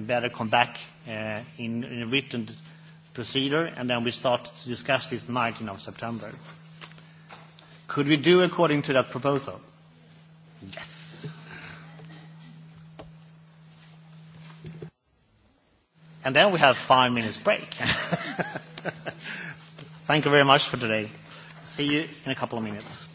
better come back in a written procedure, and then we start to discuss this 19 of September. Could we do according to that proposal? Yes. And then we have five minutes break. Thank you very much for today. See you in a couple of minutes.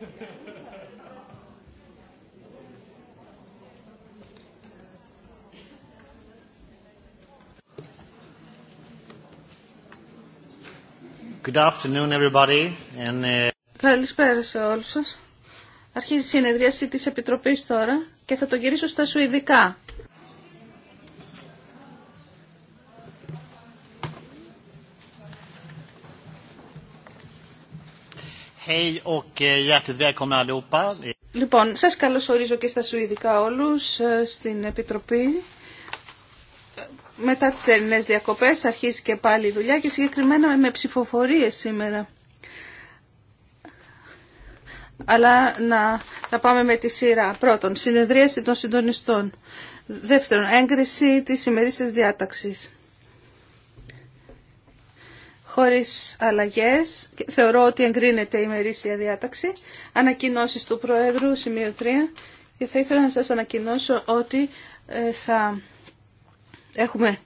Uh, Καλησπέρα σε όλους σας. Αρχίζει η συνεδρίαση της Επιτροπής τώρα και θα το γυρίσω στα Σουηδικά. Eh, λοιπόν, σας καλωσορίζω και στα Σουηδικά όλους ε, στην Επιτροπή. Μετά τις ελληνές διακοπές αρχίζει και πάλι η δουλειά και συγκεκριμένα με ψηφοφορίες σήμερα. Αλλά να, να πάμε με τη σειρά. Πρώτον, συνεδρίαση των συντονιστών. Δεύτερον, έγκριση της ημερήσιας διάταξης χωρίς αλλαγές. Θεωρώ ότι εγκρίνεται η μερίσια διάταξη. Ανακοινώσεις του Προέδρου, σημείο 3. Και θα ήθελα να σας ανακοινώσω ότι ε, θα έχουμε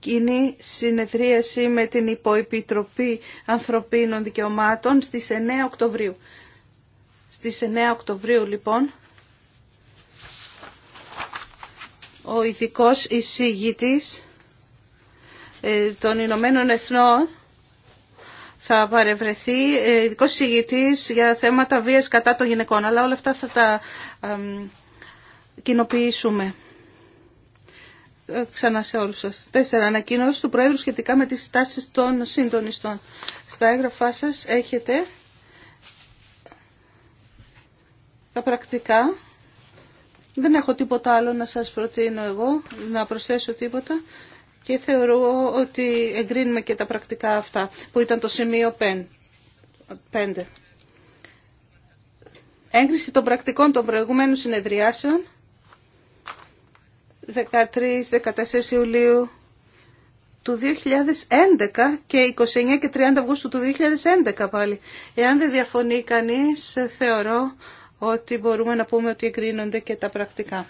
κοινή συνεδρίαση με την Υποεπιτροπή Ανθρωπίνων Δικαιωμάτων στις 9 Οκτωβρίου. Στις 9 Οκτωβρίου λοιπόν ο ειδικό εισηγητής ε, των Ηνωμένων Εθνών θα παρευρεθεί ε, ειδικό συγητής για θέματα βίας κατά των γυναικών. Αλλά όλα αυτά θα τα κοινοποιήσουμε. Ε, ξανά σε όλους σας. Τέσσερα, ανακοίνωση του Πρόεδρου σχετικά με τις στάσεις των συντονιστών. Στα έγγραφά σας έχετε τα πρακτικά. Δεν έχω τίποτα άλλο να σας προτείνω εγώ, να προσθέσω τίποτα και θεωρώ ότι εγκρίνουμε και τα πρακτικά αυτά που ήταν το σημείο 5. Έγκριση των πρακτικών των προηγουμένων συνεδριάσεων 13-14 Ιουλίου του 2011 και 29 και 30 Αυγούστου του 2011 πάλι. Εάν δεν διαφωνεί κανείς, θεωρώ ότι μπορούμε να πούμε ότι εγκρίνονται και τα πρακτικά.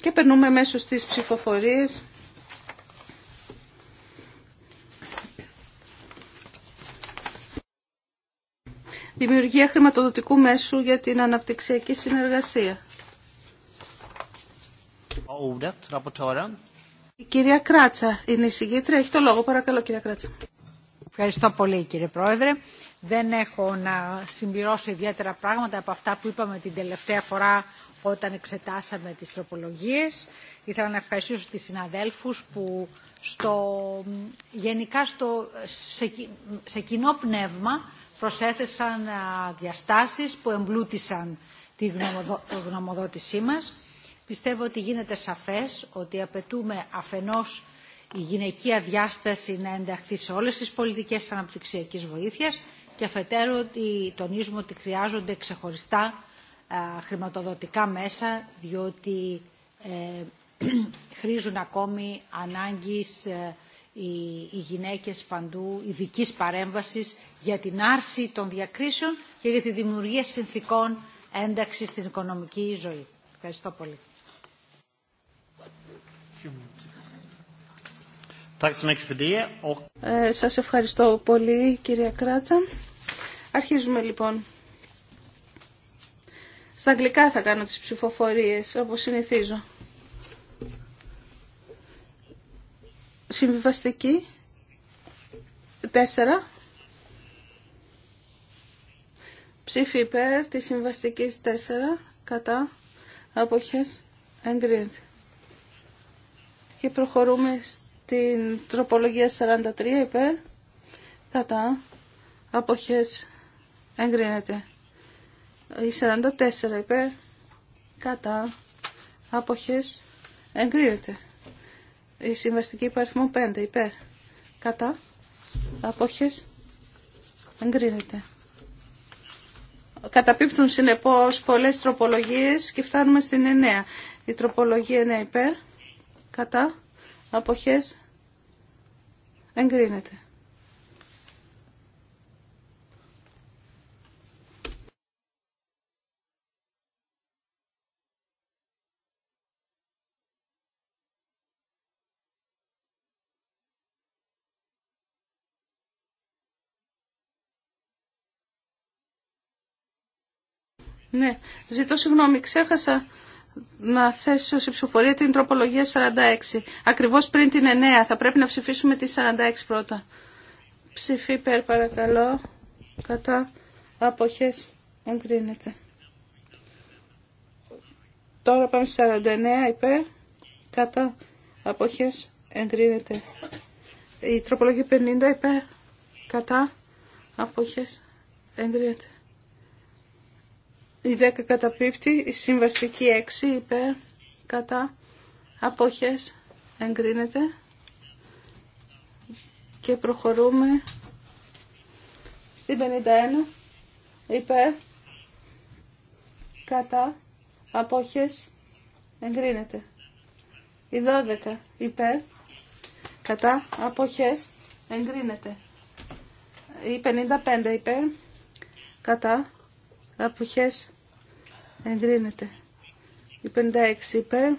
Και περνούμε μέσω στις ψηφοφορίες. δημιουργία χρηματοδοτικού μέσου για την αναπτυξιακή συνεργασία. Η κυρία Κράτσα είναι η συγγήτρια. Έχει το λόγο. Παρακαλώ κυρία Κράτσα. Ευχαριστώ πολύ κύριε Πρόεδρε. Δεν έχω να συμπληρώσω ιδιαίτερα πράγματα από αυτά που είπαμε την τελευταία φορά όταν εξετάσαμε τις τροπολογίες. Ήθελα να ευχαριστήσω τις συναδέλφους που στο, γενικά στο, σε, σε κοινό πνεύμα προσέθεσαν διαστάσεις που εμπλούτησαν τη γνωμοδότησή μας. Πιστεύω ότι γίνεται σαφές ότι απαιτούμε αφενός η γυναικεία διάσταση να ενταχθεί σε όλες τις πολιτικές αναπτυξιακής βοήθειας και αφετέρου ότι τονίζουμε ότι χρειάζονται ξεχωριστά χρηματοδοτικά μέσα διότι χρίζουν ε, χρήζουν ακόμη ανάγκης ε, οι γυναίκες παντού ειδική παρέμβασης για την άρση των διακρίσεων και για τη δημιουργία συνθήκων ένταξης στην οικονομική ζωή. Ευχαριστώ πολύ. Ε, σας ευχαριστώ πολύ κυρία Κράτσα. Αρχίζουμε λοιπόν. Στα αγγλικά θα κάνω τις ψηφοφορίες όπως συνηθίζω. Συμβιβαστική 4. Ψήφι υπέρ τη συμβαστική. 4 κατά άποχε, εγκρίνεται. Και προχωρούμε στην τροπολογία 43 υπέρ κατά αποχές εγκρίνεται. Η 44 υπέρ κατά αποχές εγκρίνεται. Η συμβαστική υπαριθμό 5 υπέρ. Κατά. Απόχες. Εγκρίνεται. Καταπίπτουν Συνεπώ πολλέ τροπολογίε και φτάνουμε στην 9. Η τροπολογία 9 υπέρ. Κατά. Αποχές. Εγκρίνεται. Ναι, ζητώ συγγνώμη, ξέχασα να θέσω σε ψηφοφορία την τροπολογία 46. Ακριβώς πριν την 9 θα πρέπει να ψηφίσουμε τη 46 πρώτα. Ψηφί υπέρ παρακαλώ. Κατά αποχές εγκρίνεται. Τώρα πάμε στη 49 υπέρ. Κατά αποχές εγκρίνεται. Η τροπολογία 50 υπέρ. Κατά αποχές εγκρίνεται. Η 10 καταπίπτει, η συμβαστική 6 υπέρ κατά αποχές εγκρίνεται και προχωρούμε στην 51 υπέρ κατά απόχες εγκρίνεται. Η 12 υπέρ κατά απόχες εγκρίνεται. Η 55 υπέρ κατά απόχες εγκρίνεται. Η 56 υπέρ,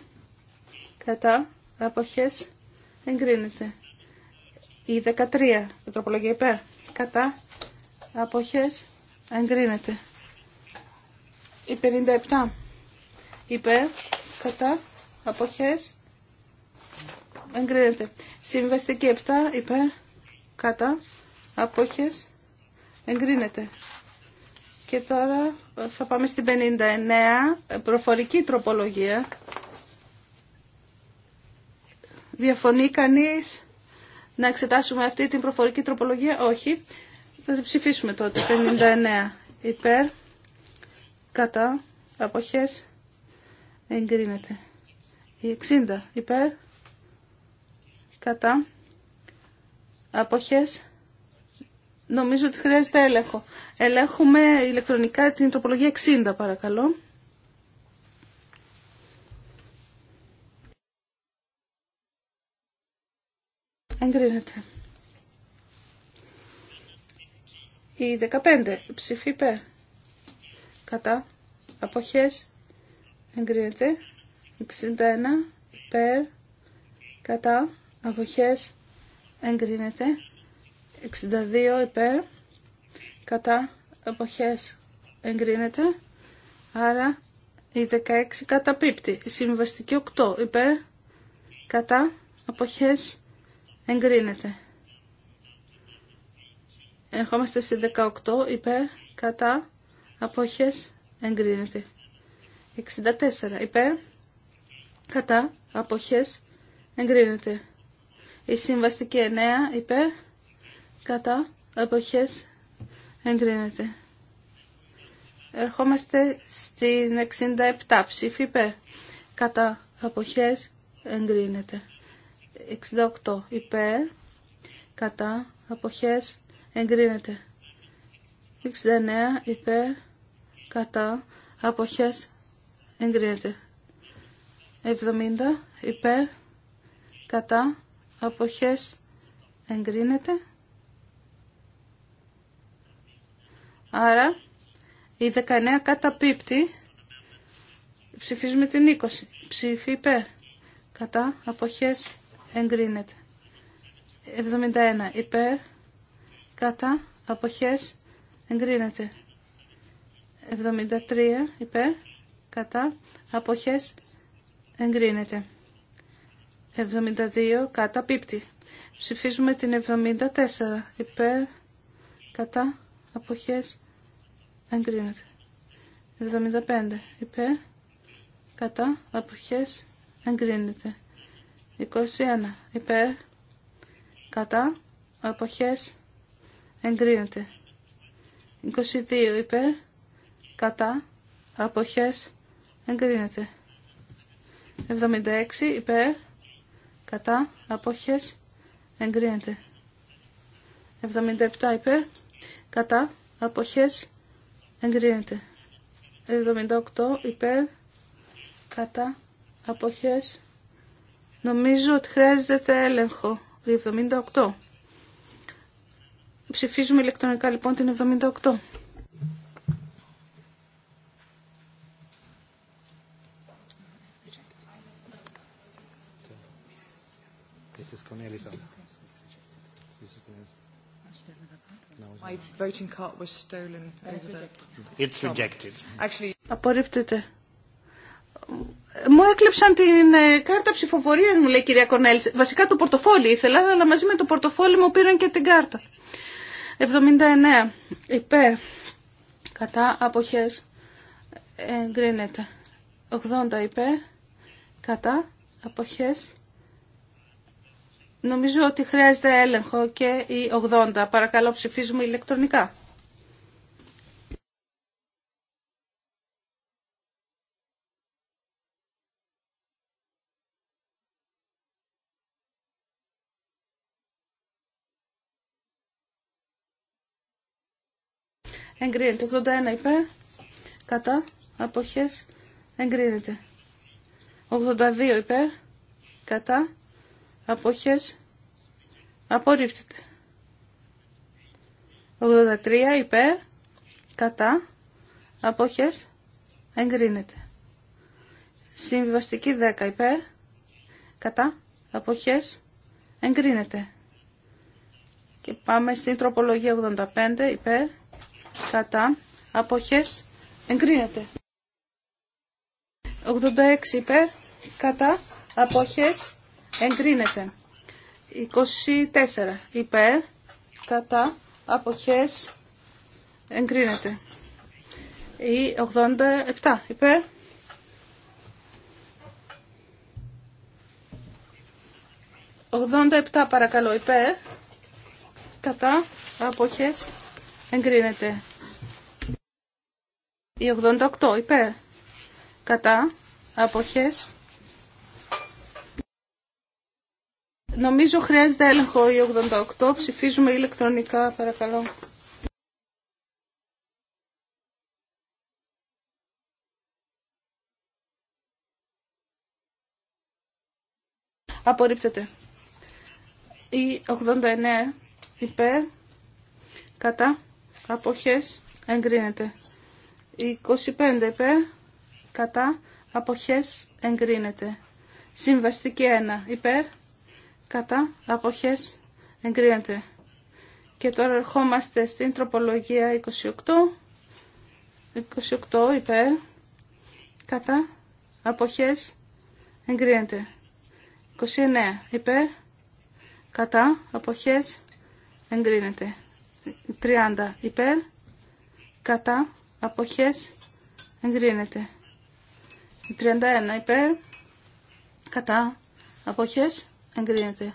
κατά, αποχές, εγκρίνεται. Η 13, η τροπολογία υπέρ, κατά, αποχές, εγκρίνεται. Η 57 υπέρ, κατά, αποχές, εγκρίνεται. Συμβαστική 7 υπέρ, κατά, αποχές, εγκρίνεται. Και τώρα θα πάμε στην 59, προφορική τροπολογία. Διαφωνεί κανείς να εξετάσουμε αυτή την προφορική τροπολογία. Όχι. Θα την ψηφίσουμε τότε. 59 υπέρ, κατά, αποχές, εγκρίνεται. 60 υπέρ, κατά, αποχές, Νομίζω ότι χρειάζεται έλεγχο. Ελέγχουμε ηλεκτρονικά την τροπολογία 60 παρακαλώ. Εγκρίνεται. Η 15 ψηφί Κατά. Αποχές. Εγκρίνεται. 61 υπέρ. Κατά. Αποχές. Εγκρίνεται. 62 υπέρ κατά εποχές εγκρίνεται. Άρα η 16 καταπίπτει. Η συμβαστική 8 υπέρ κατά εποχές εγκρίνεται. Ερχόμαστε στη 18 υπέρ κατά απόχες εγκρίνεται. 64 υπέρ κατά απόχες εγκρίνεται. Η συμβαστική 9 υπέρ κατά εποχές εγκρίνεται. Ερχόμαστε στην 67 ψήφι Κατά αποχές εγκρίνεται. 68 υπέρ. Κατά αποχές εγκρίνεται. 69 υπέρ. Κατά αποχές εγκρίνεται. 70 υπέρ. Κατά αποχές εγκρίνεται. Άρα η 19 καταπίπτει. Ψηφίζουμε την 20. Ψήφι υπέρ. Κατά αποχές εγκρίνεται. 71 υπέρ. Κατά αποχές εγκρίνεται. 73 υπέρ. Κατά αποχές εγκρίνεται. 72 κατά πίπτη. Ψηφίζουμε την 74 υπέρ. Κατά αποχές εγκρίνεται. 75 υπέρ κατά αποχές εγκρίνεται. 21 υπέρ κατά αποχές εγκρίνεται. 22 υπέρ κατά αποχές εγκρίνεται. 76 υπέρ κατά αποχές εγκρίνεται. 77 υπέρ κατά αποχές εγκρίνεται. 78 υπέρ κατά αποχές. Νομίζω ότι χρειάζεται έλεγχο. 78. Ψηφίζουμε ηλεκτρονικά λοιπόν την 78. voting Μου έκλεψαν την ε, κάρτα ψηφοφορία μου, λέει η κυρία Κονέλη. Βασικά το πορτοφόλι ήθελα, αλλά μαζί με το πορτοφόλι μου πήραν και την κάρτα. 79. Υπέρ. Κατά απόχέ. Εγκρίνεται. 80 υπέρ. Κατά απόχέ. Νομίζω ότι χρειάζεται έλεγχο και η 80. Παρακαλώ ψηφίζουμε ηλεκτρονικά. Εγκρίνεται. 81 υπέρ. Κατά. Αποχές. Εγκρίνεται. 82 υπέρ. Κατά αποχές απορρίφτεται. 83 υπέρ κατά αποχές εγκρίνεται. Συμβιβαστική 10 υπέρ κατά αποχές εγκρίνεται. Και πάμε στην τροπολογία 85 υπέρ κατά αποχές εγκρίνεται. 86 υπέρ κατά αποχές εγκρίνεται. 24 υπέρ, κατά, αποχές, εγκρίνεται. Ή 87 υπέρ. «87 παρακαλώ υπέρ, κατά, αποχές, εγκρίνεται». Η 88 υπέρ, κατά, αποχές, Νομίζω χρειάζεται έλεγχο η 88. Ψηφίζουμε ηλεκτρονικά, παρακαλώ. Απορρίπτεται. Η 89 υπέρ, κατά, αποχές, εγκρίνεται. Η 25 υπέρ, κατά, αποχές, εγκρίνεται. Συμβαστική 1 υπέρ, κατά αποχές εγκρίνεται. Και τώρα ερχόμαστε στην τροπολογία 28, 28 υπέρ, κατά αποχές εγκρίνεται. 29 υπέρ, κατά αποχές εγκρίνεται. 30 υπέρ, κατά αποχές εγκρίνεται. 31 υπέρ, κατά αποχές εγκρίνεται.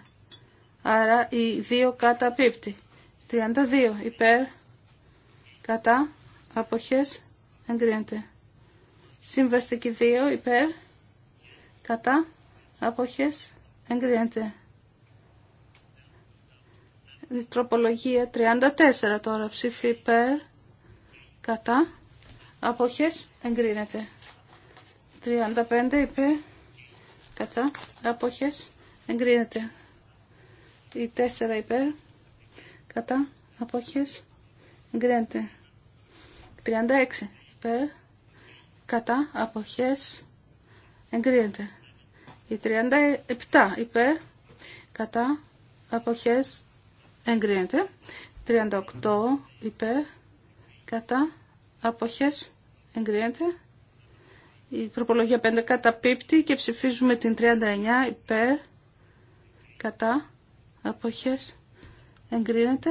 Άρα οι 2 κατά πίπτη. 32 υπέρ κατά αποχές εγκρίνεται. Συμβαστική 2 υπέρ κατά αποχές εγκρίνεται. Η τροπολογία 34 τώρα ψήφι υπέρ κατά αποχές εγκρίνεται. 35 υπέρ κατά αποχές εγκρίνεται. Η 4 υπέρ, κατά, αποχές, εγκρίνεται. 36 υπέρ, κατά, αποχές, εγκρίνεται. Η 37 υπέρ, κατά, αποχές, εγκρίνεται. 38 υπέρ, κατά, αποχές, εγκρίνεται. Η τροπολογία 5 καταπίπτει και ψηφίζουμε την 39 υπέρ, κατά αποχές εγκρίνεται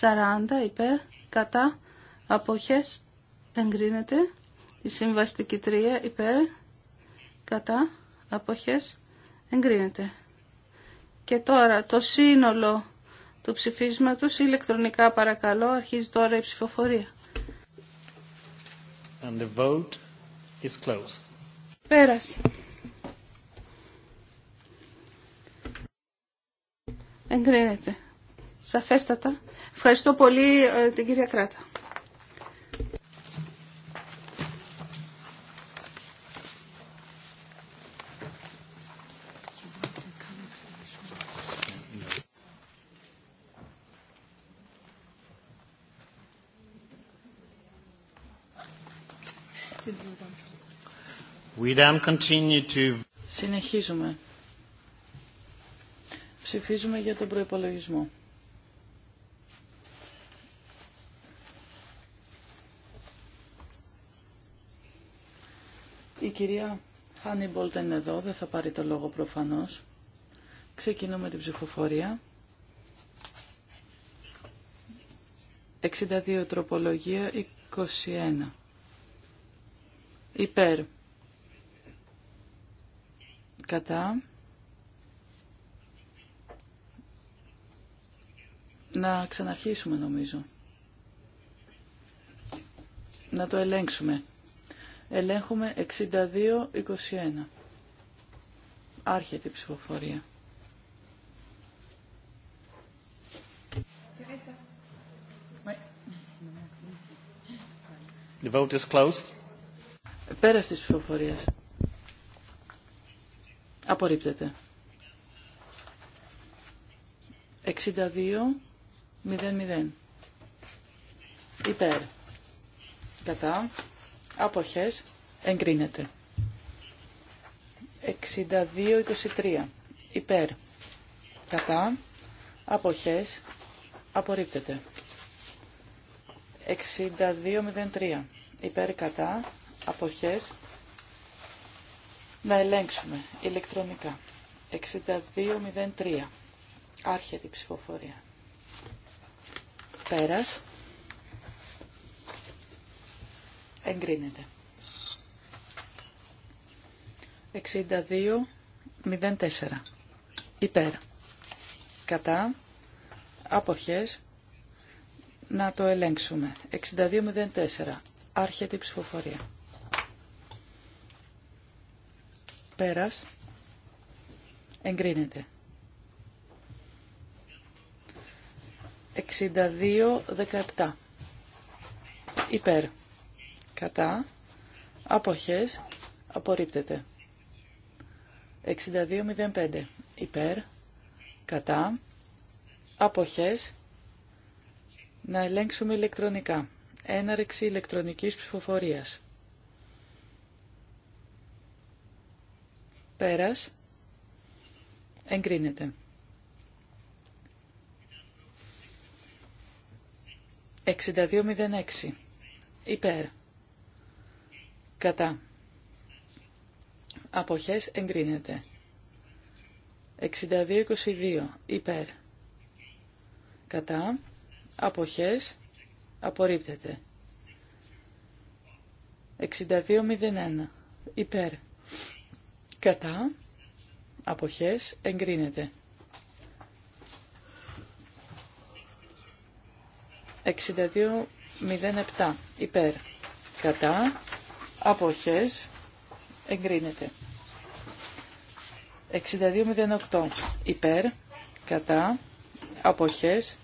40 υπέρ κατά αποχές εγκρίνεται η συμβαστική 3 υπέρ κατά αποχές εγκρίνεται και τώρα το σύνολο του ψηφίσματος ηλεκτρονικά παρακαλώ αρχίζει τώρα η ψηφοφορία And the is closed. Πέρασε. Εγκρίνεται. Σαφέστατα. Ευχαριστώ πολύ ε, την κυρία Κράτα. We then continue to... Συνεχίζουμε Ψηφίζουμε για τον προϋπολογισμό. Η κυρία Χάνι είναι εδώ, δεν θα πάρει το λόγο προφανώς. Ξεκινούμε την ψηφοφορία. 62 τροπολογία 21. Υπέρ. Κατά. να ξαναρχίσουμε νομίζω. Να το ελέγξουμε. Ελέγχουμε 62-21. Άρχεται η ψηφοφορία. The vote is closed. Πέρας της ψηφοφορίας. Απορρίπτεται. 62 0-0. Υπέρ. Κατά. Αποχές. Εγκρίνεται. 62-23. Υπέρ. Κατά. Αποχές. Απορρίπτεται. 62-03. Υπέρ. Κατά. Αποχές. Να ελέγξουμε ηλεκτρονικά. 62-03. Άρχεται η ψηφοφορία. Πέρας. Εγκρίνεται. 62-04. Υπέρ. Κατά. Αποχές. Να το ελέγξουμε. 62-04. Άρχεται η ψηφοφορία. Πέρας. Εγκρίνεται. 62-17. Υπέρ. Κατά. Αποχές. Απορρίπτεται. 62-05. Υπέρ. Κατά. Αποχές. Να ελέγξουμε ηλεκτρονικά. Έναρξη ηλεκτρονικής ψηφοφορίας. Πέρας. Εγκρίνεται. 6206 υπέρ κατά αποχές εγκρίνεται 6222 υπέρ κατά αποχές απορρίπτεται 6201 υπέρ κατά αποχές εγκρίνεται 62.07 υπέρ κατά αποχές εγκρίνεται 62.08 υπέρ κατά αποχές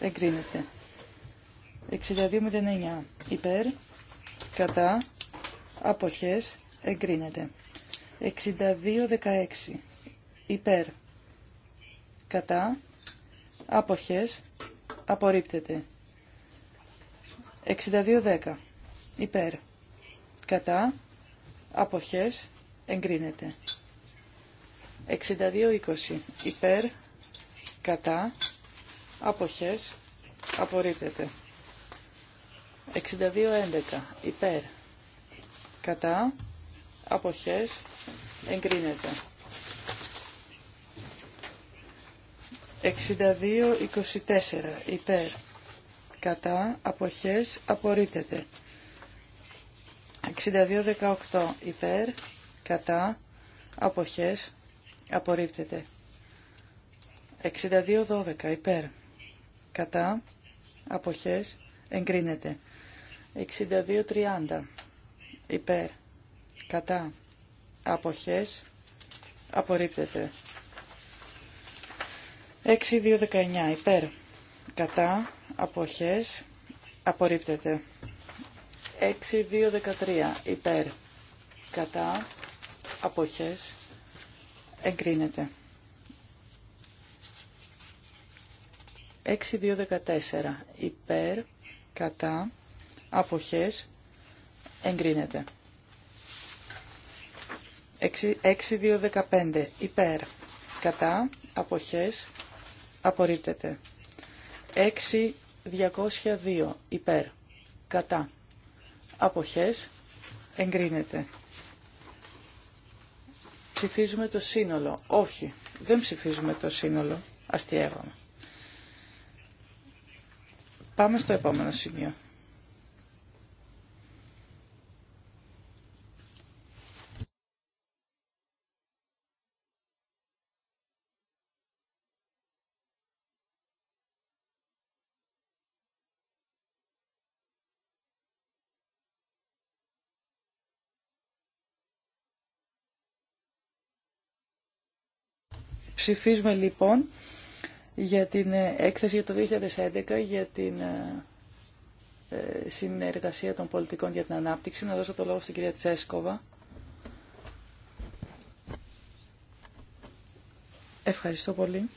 εγκρίνεται 62.09 υπέρ κατά αποχές εγκρίνεται 62.16 υπέρ κατά αποχές απορρίπτεται 6210 υπέρ κατά αποχές εγκρίνεται 6220 υπέρ κατά αποχές απορρίπτεται 6211 υπέρ κατά αποχές εγκρίνεται 6224 υπέρ κατά, αποχές, απορρίπτεται. 62-18 υπέρ, κατά, αποχές, απορρίπτεται. 62-12 υπέρ, κατά, αποχές, εγκρίνεται. 62-30 υπέρ, κατά, αποχές, απορρίπτεται. 6-2-19 υπέρ, κατά, αποχές απορρίπτεται. 6-2-13 υπέρ κατά αποχές εγκρίνεται. 6-2-14 υπέρ κατά αποχές εγκρίνεται. 6-2-15 υπέρ κατά αποχές απορρίπτεται. 6 2 13 υπερ κατα αποχες εγκρινεται 6 2 14 υπερ κατα αποχες εγκρινεται 6 2 15 υπερ κατα αποχες απορριπτεται 202 υπέρ κατά αποχές εγκρίνεται. Ψηφίζουμε το σύνολο. Όχι, δεν ψηφίζουμε το σύνολο. Αστιεύομαι. Πάμε στο επόμενο σημείο. Ψηφίζουμε λοιπόν για την ε, έκθεση για το 2011 για την ε, ε, συνεργασία των πολιτικών για την ανάπτυξη. Να δώσω το λόγο στην κυρία Τσέσκοβα. Ευχαριστώ πολύ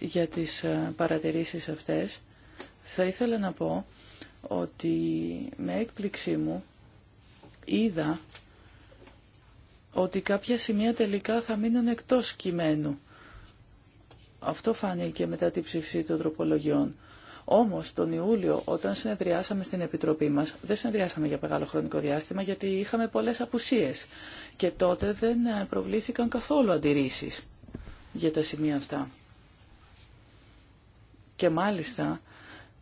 για τις παρατηρήσεις αυτές. Θα ήθελα να πω ότι με έκπληξή μου είδα ότι κάποια σημεία τελικά θα μείνουν εκτός κειμένου. Αυτό φάνηκε μετά την ψήφιση των τροπολογιών. Όμως τον Ιούλιο όταν συνεδριάσαμε στην Επιτροπή μας, δεν συνεδριάσαμε για μεγάλο χρονικό διάστημα γιατί είχαμε πολλές απουσίες και τότε δεν ε, προβλήθηκαν καθόλου αντιρρήσεις για τα σημεία αυτά. Και μάλιστα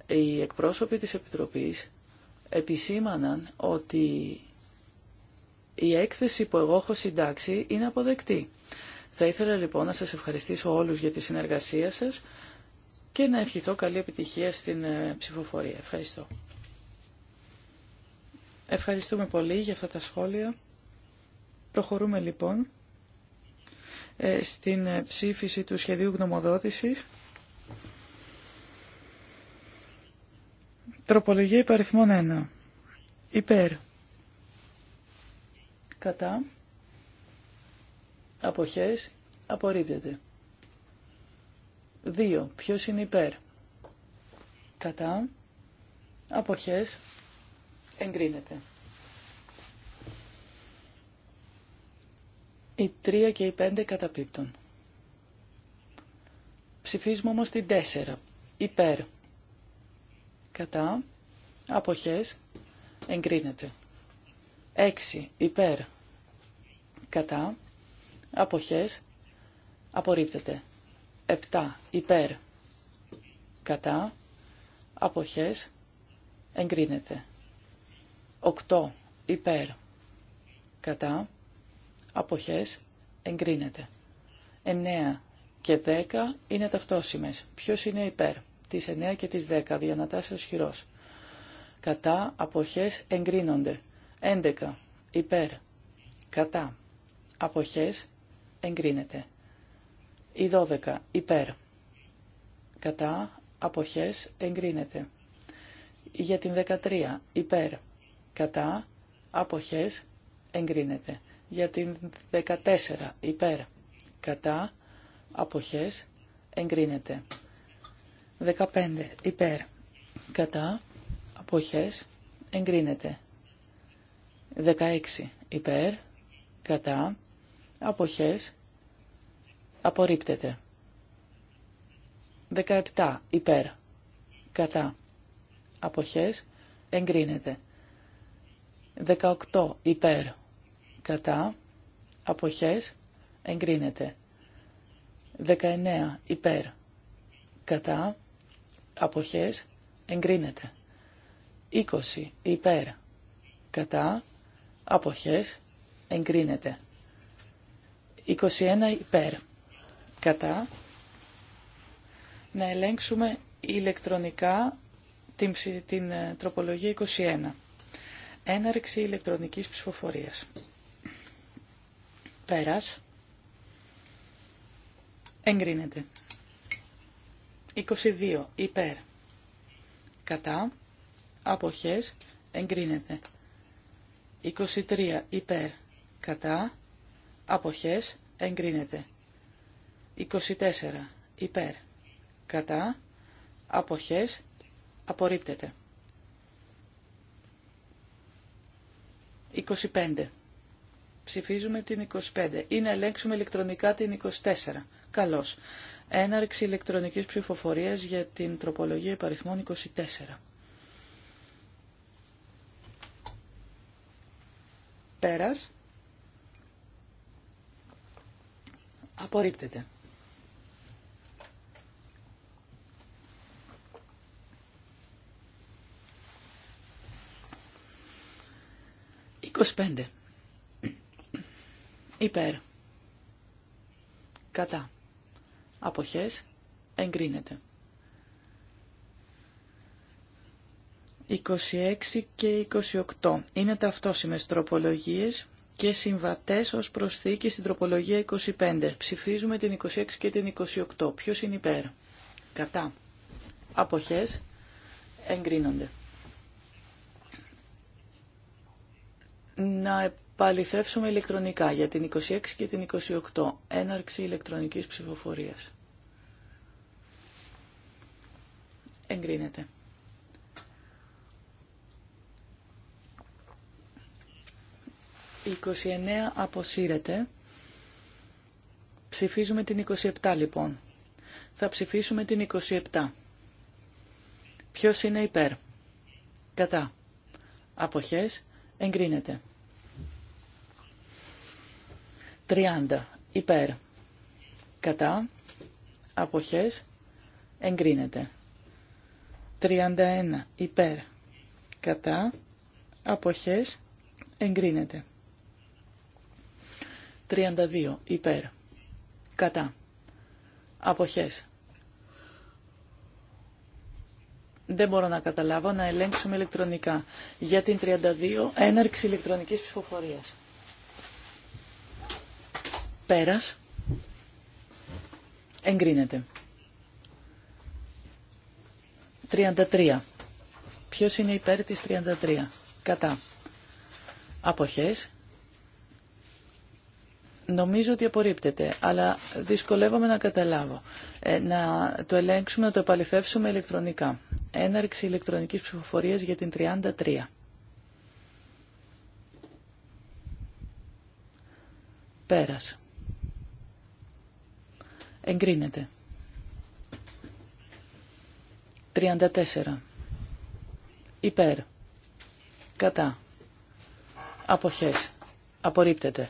οι εκπρόσωποι της Επιτροπής επισήμαναν ότι η έκθεση που εγώ έχω συντάξει είναι αποδεκτή. Θα ήθελα λοιπόν να σας ευχαριστήσω όλους για τη συνεργασία σας και να ευχηθώ καλή επιτυχία στην ε, ψηφοφορία. Ευχαριστώ. Ευχαριστούμε πολύ για αυτά τα σχόλια. Προχωρούμε λοιπόν ε, στην ε, ψήφιση του σχεδίου γνωμοδότησης. Τροπολογία υπαριθμών 1. Υπέρ κατά αποχές απορρίπτεται. 2. Ποιος είναι υπέρ κατά αποχές εγκρίνεται. Οι 3 και οι 5 καταπίπτουν. Ψηφίζουμε όμως την 4. Υπέρ. Κατά. Αποχές. Εγκρίνεται. 6 υπέρ κατά αποχές απορρίπτεται 7 υπέρ κατά αποχές εγκρίνεται 8 υπέρ κατά αποχές εγκρίνεται 9 και 10 είναι ταυτόσιμες ποιος είναι υπέρ τις 9 και τις 10 διανατάσσεως χειρός κατά αποχές εγκρίνονται 11. Υπέρ. Κατά. Αποχές. Εγκρίνεται. 12. Υπέρ. Κατά. Αποχές. Εγκρίνεται. Για την 13. Υπέρ. Κατά. Αποχές. Εγκρίνεται. Για την 14. Υπέρ. Κατά. Αποχές. Εγκρίνεται. 15. Υπέρ. Κατά. Αποχές. Εγκρίνεται. 16 υπέρ, κατά, αποχές, απορρίπτεται. 17 υπέρ, κατά, αποχές, εγκρίνεται. 18 υπέρ, κατά, αποχές, εγκρίνεται. 19 υπέρ, κατά, αποχές, εγκρίνεται. 20 υπέρ, κατά, αποχές εγκρίνεται. 21 υπέρ κατά να ελέγξουμε ηλεκτρονικά την, την ε, τροπολογία 21. Έναρξη ηλεκτρονικής ψηφοφορίας. Πέρας. Εγκρίνεται. 22. Υπέρ. Κατά. Αποχές. Εγκρίνεται. 23 υπέρ κατά αποχές εγκρίνεται. 24 υπέρ κατά αποχές απορρίπτεται. 25. Ψηφίζουμε την 25. ή να ελέγξουμε ηλεκτρονικά την 24. Καλώς. Έναρξη ηλεκτρονικής ψηφοφορίας για την τροπολογία υπαριθμών 24. Πέρας. Απορρίπτεται. 25. Υπέρ. Κατά. Αποχές. Εγκρίνεται. 26 και 28. Είναι ταυτόσιμες τροπολογίες και συμβατές ως προσθήκη στην τροπολογία 25. Ψηφίζουμε την 26 και την 28. Ποιος είναι υπέρ. Κατά. Αποχές. Εγκρίνονται. Να επαληθεύσουμε ηλεκτρονικά για την 26 και την 28. Έναρξη ηλεκτρονικής ψηφοφορίας. Εγκρίνεται. 29 αποσύρεται. Ψηφίζουμε την 27 λοιπόν. Θα ψηφίσουμε την 27. Ποιος είναι υπέρ. Κατά. Αποχές. Εγκρίνεται. 30. Υπέρ. Κατά. Αποχές. Εγκρίνεται. 31. Υπέρ. Κατά. Αποχές. Εγκρίνεται. 32 υπέρ. Κατά. Αποχές. Δεν μπορώ να καταλάβω να ελέγξουμε ηλεκτρονικά. Για την 32 έναρξη ηλεκτρονικής ψηφοφορίας. Πέρας. Εγκρίνεται. 33. Ποιος είναι υπέρ της 33. Κατά. Αποχές. Νομίζω ότι απορρίπτεται, αλλά δυσκολεύομαι να καταλάβω. Ε, να το ελέγξουμε, να το επαληθεύσουμε ηλεκτρονικά. Έναρξη ηλεκτρονικής ψηφοφορίας για την 33. Πέρας. Εγκρίνεται. 34. Υπέρ. Κατά. Αποχές. Απορρίπτεται.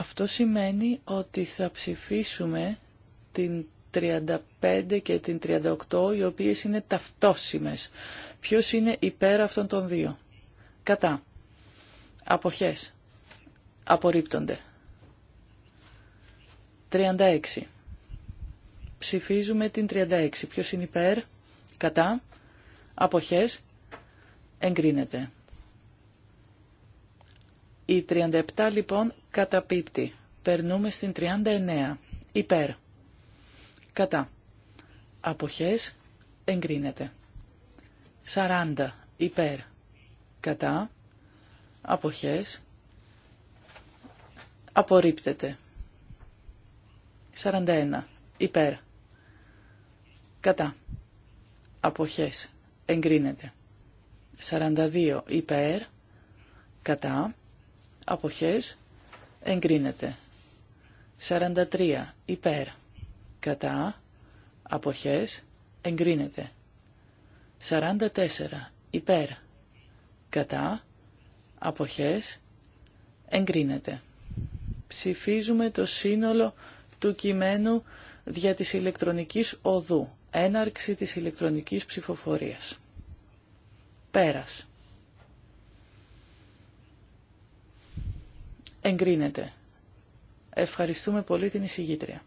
Αυτό σημαίνει ότι θα ψηφίσουμε την 35 και την 38, οι οποίες είναι ταυτόσιμες. Ποιος είναι υπέρ αυτών των δύο. Κατά. Αποχές. Απορρίπτονται. 36. Ψηφίζουμε την 36. Ποιος είναι υπέρ. Κατά. Αποχές. Εγκρίνεται. Η 37 λοιπόν Καταπίπτει. Περνούμε στην 39. Υπέρ. Κατά. Αποχές. Εγκρίνεται. 40. Υπέρ. Κατά. Αποχές. Απορρίπτεται. 41. Υπέρ. Κατά. Αποχές. Εγκρίνεται. 42. Υπέρ. Κατά. Αποχές εγκρίνεται. 43 υπέρ κατά αποχές εγκρίνεται. 44 υπέρ κατά αποχές εγκρίνεται. Ψηφίζουμε το σύνολο του κειμένου δια της ηλεκτρονικής οδού. Έναρξη της ηλεκτρονικής ψηφοφορίας. Πέρας. εγκρίνεται. Ευχαριστούμε πολύ την εισηγήτρια.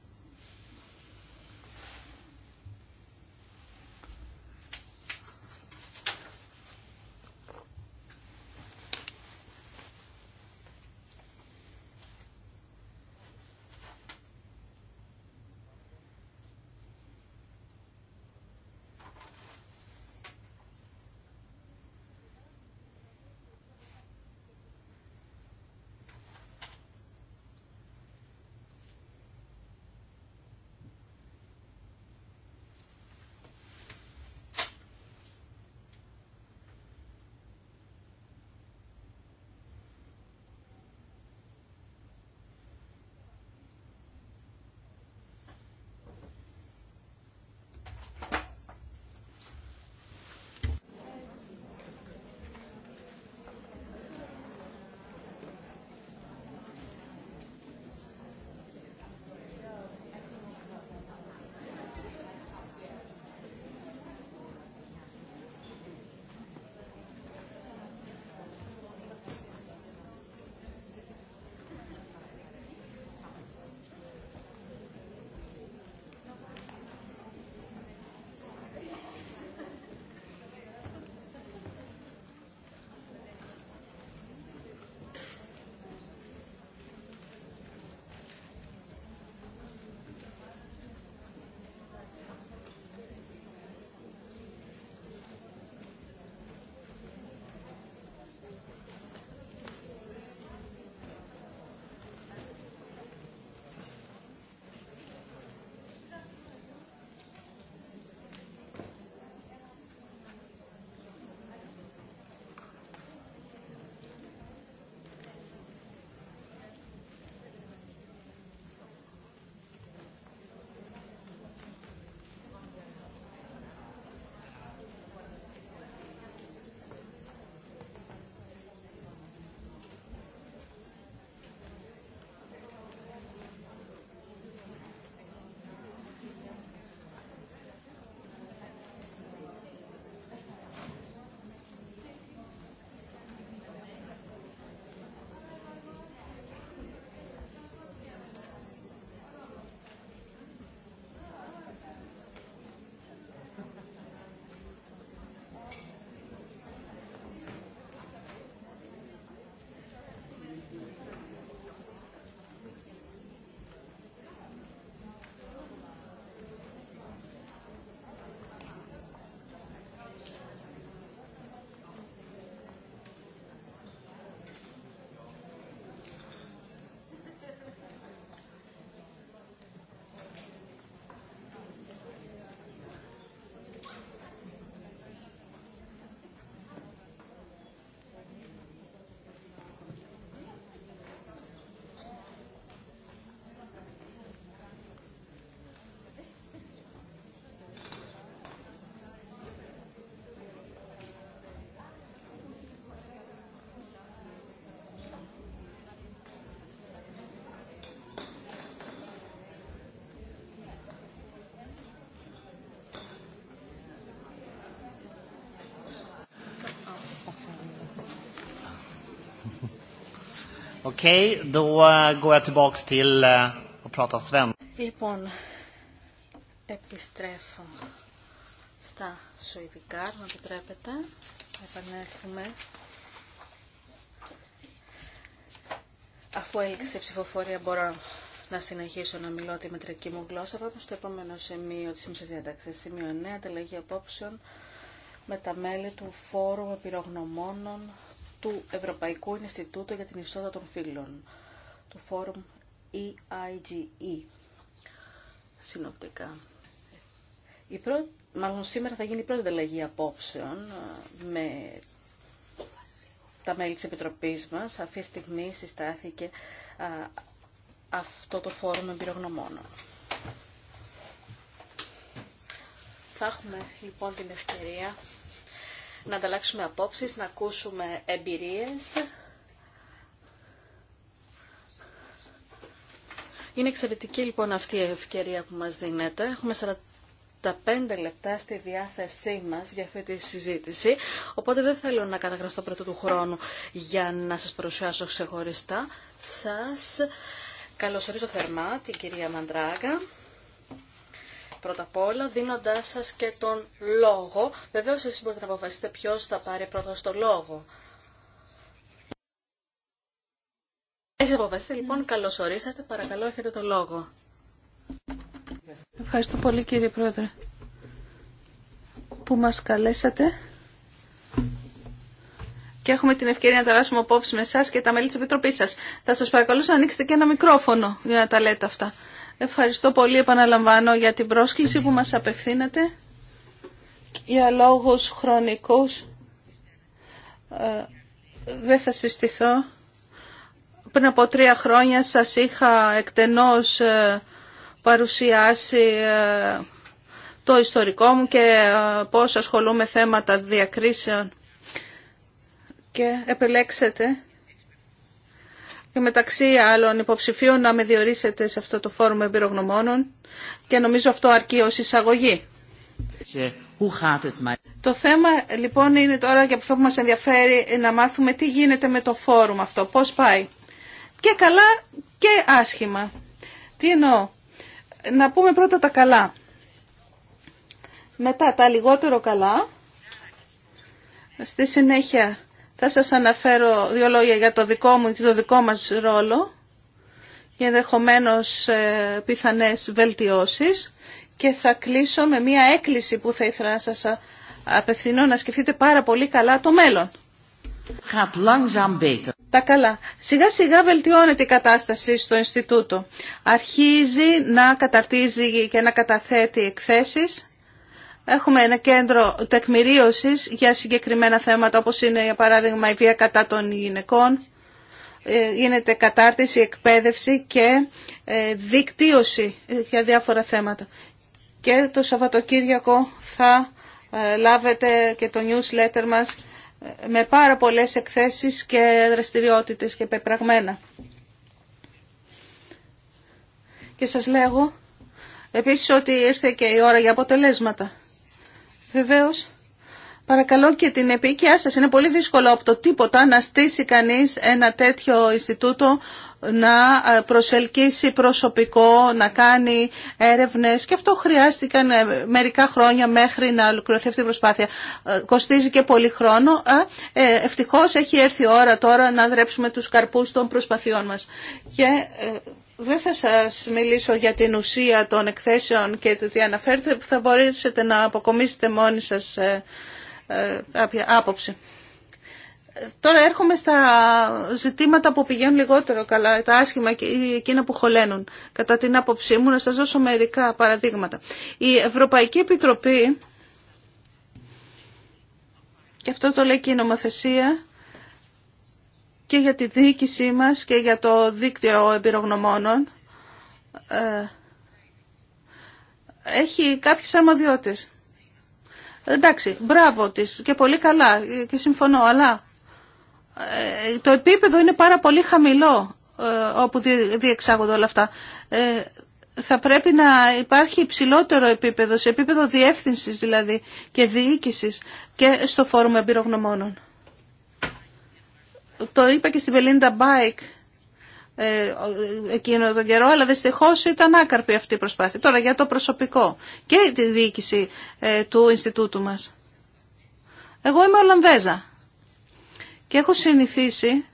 Okej, okay, då eh, går jag tillbaks till att eh, prata svenska. Λοιπόν, επιστρέφω στα σοϊδικά, αν επιτρέπετε. Αφού έληξε η ψηφοφορία μπορώ να συνεχίσω να μιλώ τη μετρική μου γλώσσα. Πάμε στο επόμενο σημείο της μισής διατάξης. Σημείο 9, ανταλλαγή απόψεων με τα μέλη του Φόρου Επιρρογνωμόνων του Ευρωπαϊκού Ινστιτούτου για την Ιστότητα των Φύλων, του Φόρουμ EIGE, e, συνοπτικά. Η πρώτη, μάλλον σήμερα θα γίνει η πρώτη ανταλλαγή απόψεων ε, με τα μέλη της Επιτροπής μας. Αυτή τη στιγμή συστάθηκε α, αυτό το φόρουμ εμπειρογνωμόνων. Θα έχουμε λοιπόν την ευκαιρία να ανταλλάξουμε απόψεις, να ακούσουμε εμπειρίες. Είναι εξαιρετική λοιπόν αυτή η ευκαιρία που μας δίνεται. Έχουμε 45 λεπτά στη διάθεσή μας για αυτή τη συζήτηση, οπότε δεν θέλω να καταγραφώ πρώτο του χρόνου για να σας παρουσιάσω ξεχωριστά. Σας καλωσορίζω θερμά την κυρία Μαντράγκα πρώτα απ' όλα, δίνοντάς σας και τον λόγο. Βεβαίως εσείς μπορείτε να αποφασίσετε ποιος θα πάρει πρώτος το λόγο. Εσείς αποφασίσετε λοιπόν, ναι. καλώς ορίσατε, παρακαλώ έχετε το λόγο. Ευχαριστώ πολύ κύριε Πρόεδρε που μας καλέσατε και έχουμε την ευκαιρία να ταράσουμε απόψη με εσά και τα μέλη τη Επιτροπή σα. Θα σα παρακαλούσα να ανοίξετε και ένα μικρόφωνο για να τα λέτε αυτά. Ευχαριστώ πολύ, επαναλαμβάνω, για την πρόσκληση που μας απευθύνατε. Για λόγους χρονικούς ε, δεν θα συστηθώ. Πριν από τρία χρόνια σας είχα εκτενώς ε, παρουσιάσει ε, το ιστορικό μου και πώς ασχολούμαι θέματα διακρίσεων και επελέξετε και μεταξύ άλλων υποψηφίων να με διορίσετε σε αυτό το φόρουμ εμπειρογνωμόνων και νομίζω αυτό αρκεί ως εισαγωγή. Το θέμα λοιπόν είναι τώρα και αυτό που μας ενδιαφέρει να μάθουμε τι γίνεται με το φόρουμ αυτό, πώς πάει. Και καλά και άσχημα. Τι εννοώ. Να πούμε πρώτα τα καλά. Μετά τα λιγότερο καλά. Στη συνέχεια θα σας αναφέρω δύο λόγια για το δικό μου και το δικό μας ρόλο για ενδεχομένω ε, πιθανές βελτιώσεις και θα κλείσω με μία έκκληση που θα ήθελα να σας απευθυνώ να σκεφτείτε πάρα πολύ καλά το μέλλον. Τα καλά. Σιγά σιγά βελτιώνεται η κατάσταση στο Ινστιτούτο. Αρχίζει να καταρτίζει και να καταθέτει εκθέσεις Έχουμε ένα κέντρο τεκμηρίωσης για συγκεκριμένα θέματα όπως είναι για παράδειγμα η βία κατά των γυναικών. Ε, γίνεται κατάρτιση, εκπαίδευση και ε, δικτύωση για διάφορα θέματα. Και το Σαββατοκύριακο θα ε, λάβετε και το newsletter μας με πάρα πολλές εκθέσεις και δραστηριότητες και πεπραγμένα. Και σας λέγω επίσης ότι ήρθε και η ώρα για αποτελέσματα. Βεβαίω, παρακαλώ και την επίκειά σα, Είναι πολύ δύσκολο από το τίποτα να στήσει κανείς ένα τέτοιο Ινστιτούτο να προσελκύσει προσωπικό, να κάνει έρευνες και αυτό χρειάστηκαν ε, μερικά χρόνια μέχρι να ολοκληρωθεί αυτή η προσπάθεια. Ε, κοστίζει και πολύ χρόνο. Ε, ευτυχώς έχει έρθει η ώρα τώρα να δρέψουμε τους καρπούς των προσπαθειών μας. Και δεν θα σας μιλήσω για την ουσία των εκθέσεων και το τι αναφέρετε, που θα μπορούσατε να αποκομίσετε μόνοι σας ε, ε, άποψη. Τώρα έρχομαι στα ζητήματα που πηγαίνουν λιγότερο καλά, τα άσχημα και εκείνα που χωλένουν. Κατά την άποψή μου να σας δώσω μερικά παραδείγματα. Η Ευρωπαϊκή Επιτροπή, και αυτό το λέει και η νομοθεσία, και για τη διοίκησή μας και για το δίκτυο εμπειρογνωμόνων ε, έχει κάποιες αρμοδιότητες. Εντάξει, μπράβο της και πολύ καλά και συμφωνώ, αλλά ε, το επίπεδο είναι πάρα πολύ χαμηλό ε, όπου διεξάγονται όλα αυτά. Θα πρέπει να υπάρχει υψηλότερο επίπεδο, σε επίπεδο διεύθυνσης δηλαδή και διοίκησης και στο φόρουμ εμπειρογνωμόνων. Το είπα και στην Βελίντα Μπάικ ε, εκείνο τον καιρό, αλλά δυστυχώ ήταν άκαρπη αυτή η προσπάθεια. Τώρα για το προσωπικό και τη διοίκηση ε, του Ινστιτούτου μας. Εγώ είμαι Ολλανδέζα και έχω συνηθίσει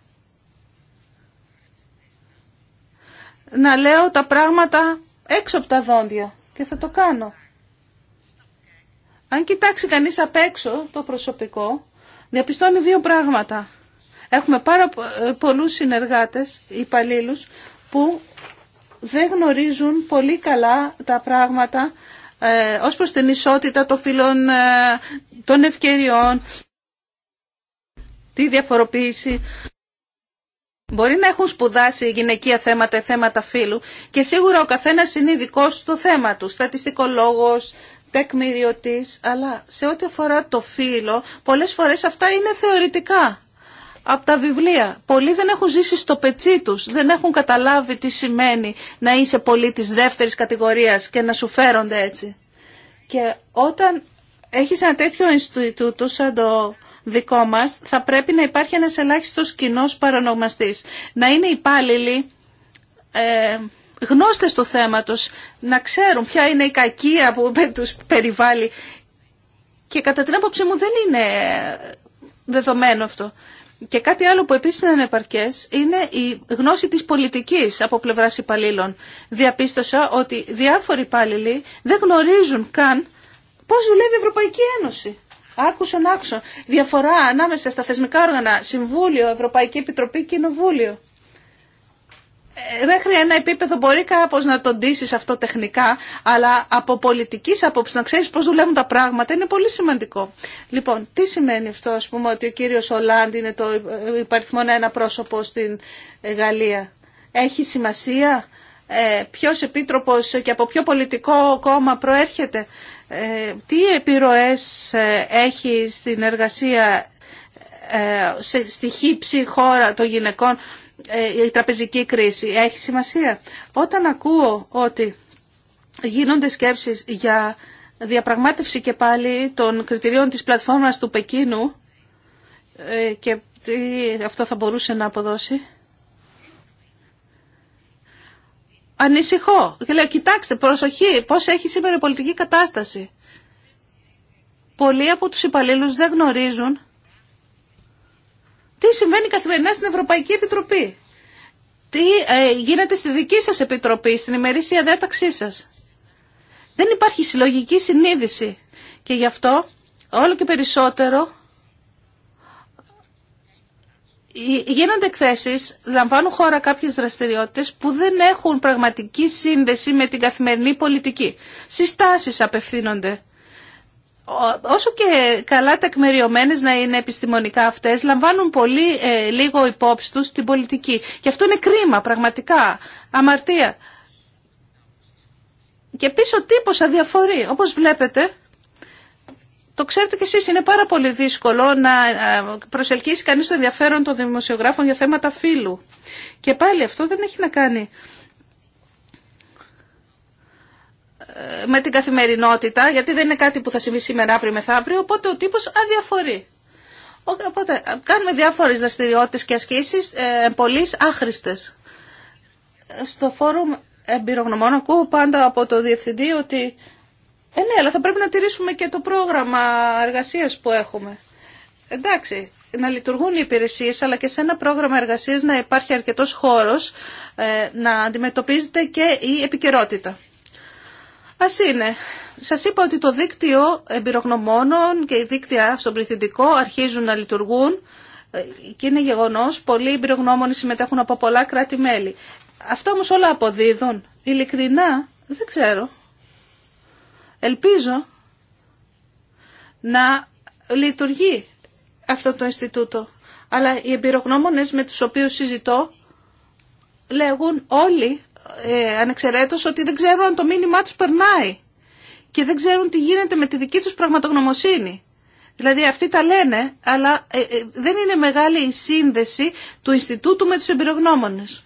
να λέω τα πράγματα έξω από τα δόντια και θα το κάνω. Αν κοιτάξει κανείς απ' έξω το προσωπικό, διαπιστώνει δύο πράγματα. Έχουμε πάρα ε, πολλούς συνεργάτες, υπαλλήλου που δεν γνωρίζουν πολύ καλά τα πράγματα ε, ως προς την ισότητα των φύλων, ε, των ευκαιριών, τη διαφοροποίηση. Μπορεί να έχουν σπουδάσει γυναικεία θέματα, θέματα φίλου και σίγουρα ο καθένας είναι ειδικό στο θέμα του, στατιστικολόγος, τεκμηριωτής, αλλά σε ό,τι αφορά το φίλο, πολλές φορές αυτά είναι θεωρητικά από τα βιβλία. Πολλοί δεν έχουν ζήσει στο πετσί τους, δεν έχουν καταλάβει τι σημαίνει να είσαι πολίτης δεύτερης κατηγορίας και να σου φέρονται έτσι. Και όταν έχεις ένα τέτοιο Ινστιτούτο σαν το δικό μα, θα πρέπει να υπάρχει ένας ελάχιστος κοινό παρονομαστή. Να είναι υπάλληλοι ε, γνώστες του θέματος, να ξέρουν ποια είναι η κακία που τους περιβάλλει. Και κατά την άποψή μου δεν είναι δεδομένο αυτό. Και κάτι άλλο που επίσης είναι ανεπαρκές είναι η γνώση της πολιτικής από πλευράς υπαλλήλων. Διαπίστωσα ότι διάφοροι υπάλληλοι δεν γνωρίζουν καν πώς δουλεύει η Ευρωπαϊκή Ένωση. άκουσαν άκουσα Διαφορά ανάμεσα στα θεσμικά όργανα Συμβούλιο, Ευρωπαϊκή Επιτροπή, Κοινοβούλιο. Ε, μέχρι ένα επίπεδο μπορεί κάπω να τον ντύσει αυτό τεχνικά, αλλά από πολιτική άποψη να ξέρει πώ δουλεύουν τα πράγματα είναι πολύ σημαντικό. Λοιπόν, τι σημαίνει αυτό, α πούμε, ότι ο κύριο Ολάντ είναι το υπαριθμό ένα πρόσωπο στην ε, Γαλλία. Έχει σημασία ε, ποιος επίτροπος και από ποιο πολιτικό κόμμα προέρχεται. Ε, τι επιρροές ε, έχει στην εργασία στη χύψη χώρα των γυναικών ε, η τραπεζική κρίση έχει σημασία. Όταν ακούω ότι γίνονται σκέψεις για διαπραγμάτευση και πάλι των κριτηρίων της πλατφόρμας του Πεκίνου ε, και τι αυτό θα μπορούσε να αποδώσει. Ανησυχώ και λέω κοιτάξτε προσοχή πώς έχει σήμερα η πολιτική κατάσταση. Πολλοί από τους υπαλλήλους δεν γνωρίζουν τι συμβαίνει καθημερινά στην Ευρωπαϊκή Επιτροπή. Τι ε, γίνεται στη δική σας Επιτροπή, στην ημερήσια διάταξή σας. Δεν υπάρχει συλλογική συνείδηση. Και γι' αυτό όλο και περισσότερο γίνονται εκθέσει, λαμβάνουν χώρα κάποιε δραστηριότητε που δεν έχουν πραγματική σύνδεση με την καθημερινή πολιτική. Συστάσει απευθύνονται όσο και καλά τεκμεριωμένε να είναι επιστημονικά αυτές, λαμβάνουν πολύ ε, λίγο υπόψη τους την πολιτική. Και αυτό είναι κρίμα, πραγματικά, αμαρτία. Και πίσω τύπος αδιαφορεί. Όπως βλέπετε, το ξέρετε κι εσείς, είναι πάρα πολύ δύσκολο να ε, προσελκύσει κανείς το ενδιαφέρον των δημοσιογράφων για θέματα φύλου. Και πάλι αυτό δεν έχει να κάνει με την καθημερινότητα, γιατί δεν είναι κάτι που θα συμβεί σήμερα, αύριο, μεθαύριο, οπότε ο τύπος αδιαφορεί. Οπότε κάνουμε διάφορες δραστηριότητε και ασκήσεις, ε, άχρηστες. Στο φόρουμ εμπειρογνωμών ακούω πάντα από το διευθυντή ότι ε, ναι, αλλά θα πρέπει να τηρήσουμε και το πρόγραμμα εργασίας που έχουμε. Εντάξει, να λειτουργούν οι υπηρεσίες, αλλά και σε ένα πρόγραμμα εργασίας να υπάρχει αρκετός χώρος ε, να αντιμετωπίζεται και η επικαιρότητα. Α είναι. Σας είπα ότι το δίκτυο εμπειρογνωμόνων και η δίκτυα στον πληθυντικό αρχίζουν να λειτουργούν ε, και είναι γεγονός. Πολλοί εμπειρογνώμονες συμμετέχουν από πολλά κράτη-μέλη. Αυτό όμω όλα αποδίδουν. Ειλικρινά δεν ξέρω. Ελπίζω να λειτουργεί αυτό το Ινστιτούτο. Αλλά οι εμπειρογνώμονες με τους οποίους συζητώ λέγουν όλοι ε, ανεξαιρέτως ότι δεν ξέρουν αν το μήνυμά τους περνάει και δεν ξέρουν τι γίνεται με τη δική τους πραγματογνωμοσύνη. Δηλαδή αυτοί τα λένε, αλλά ε, ε, δεν είναι μεγάλη η σύνδεση του Ινστιτούτου με τους εμπειρογνώμονες.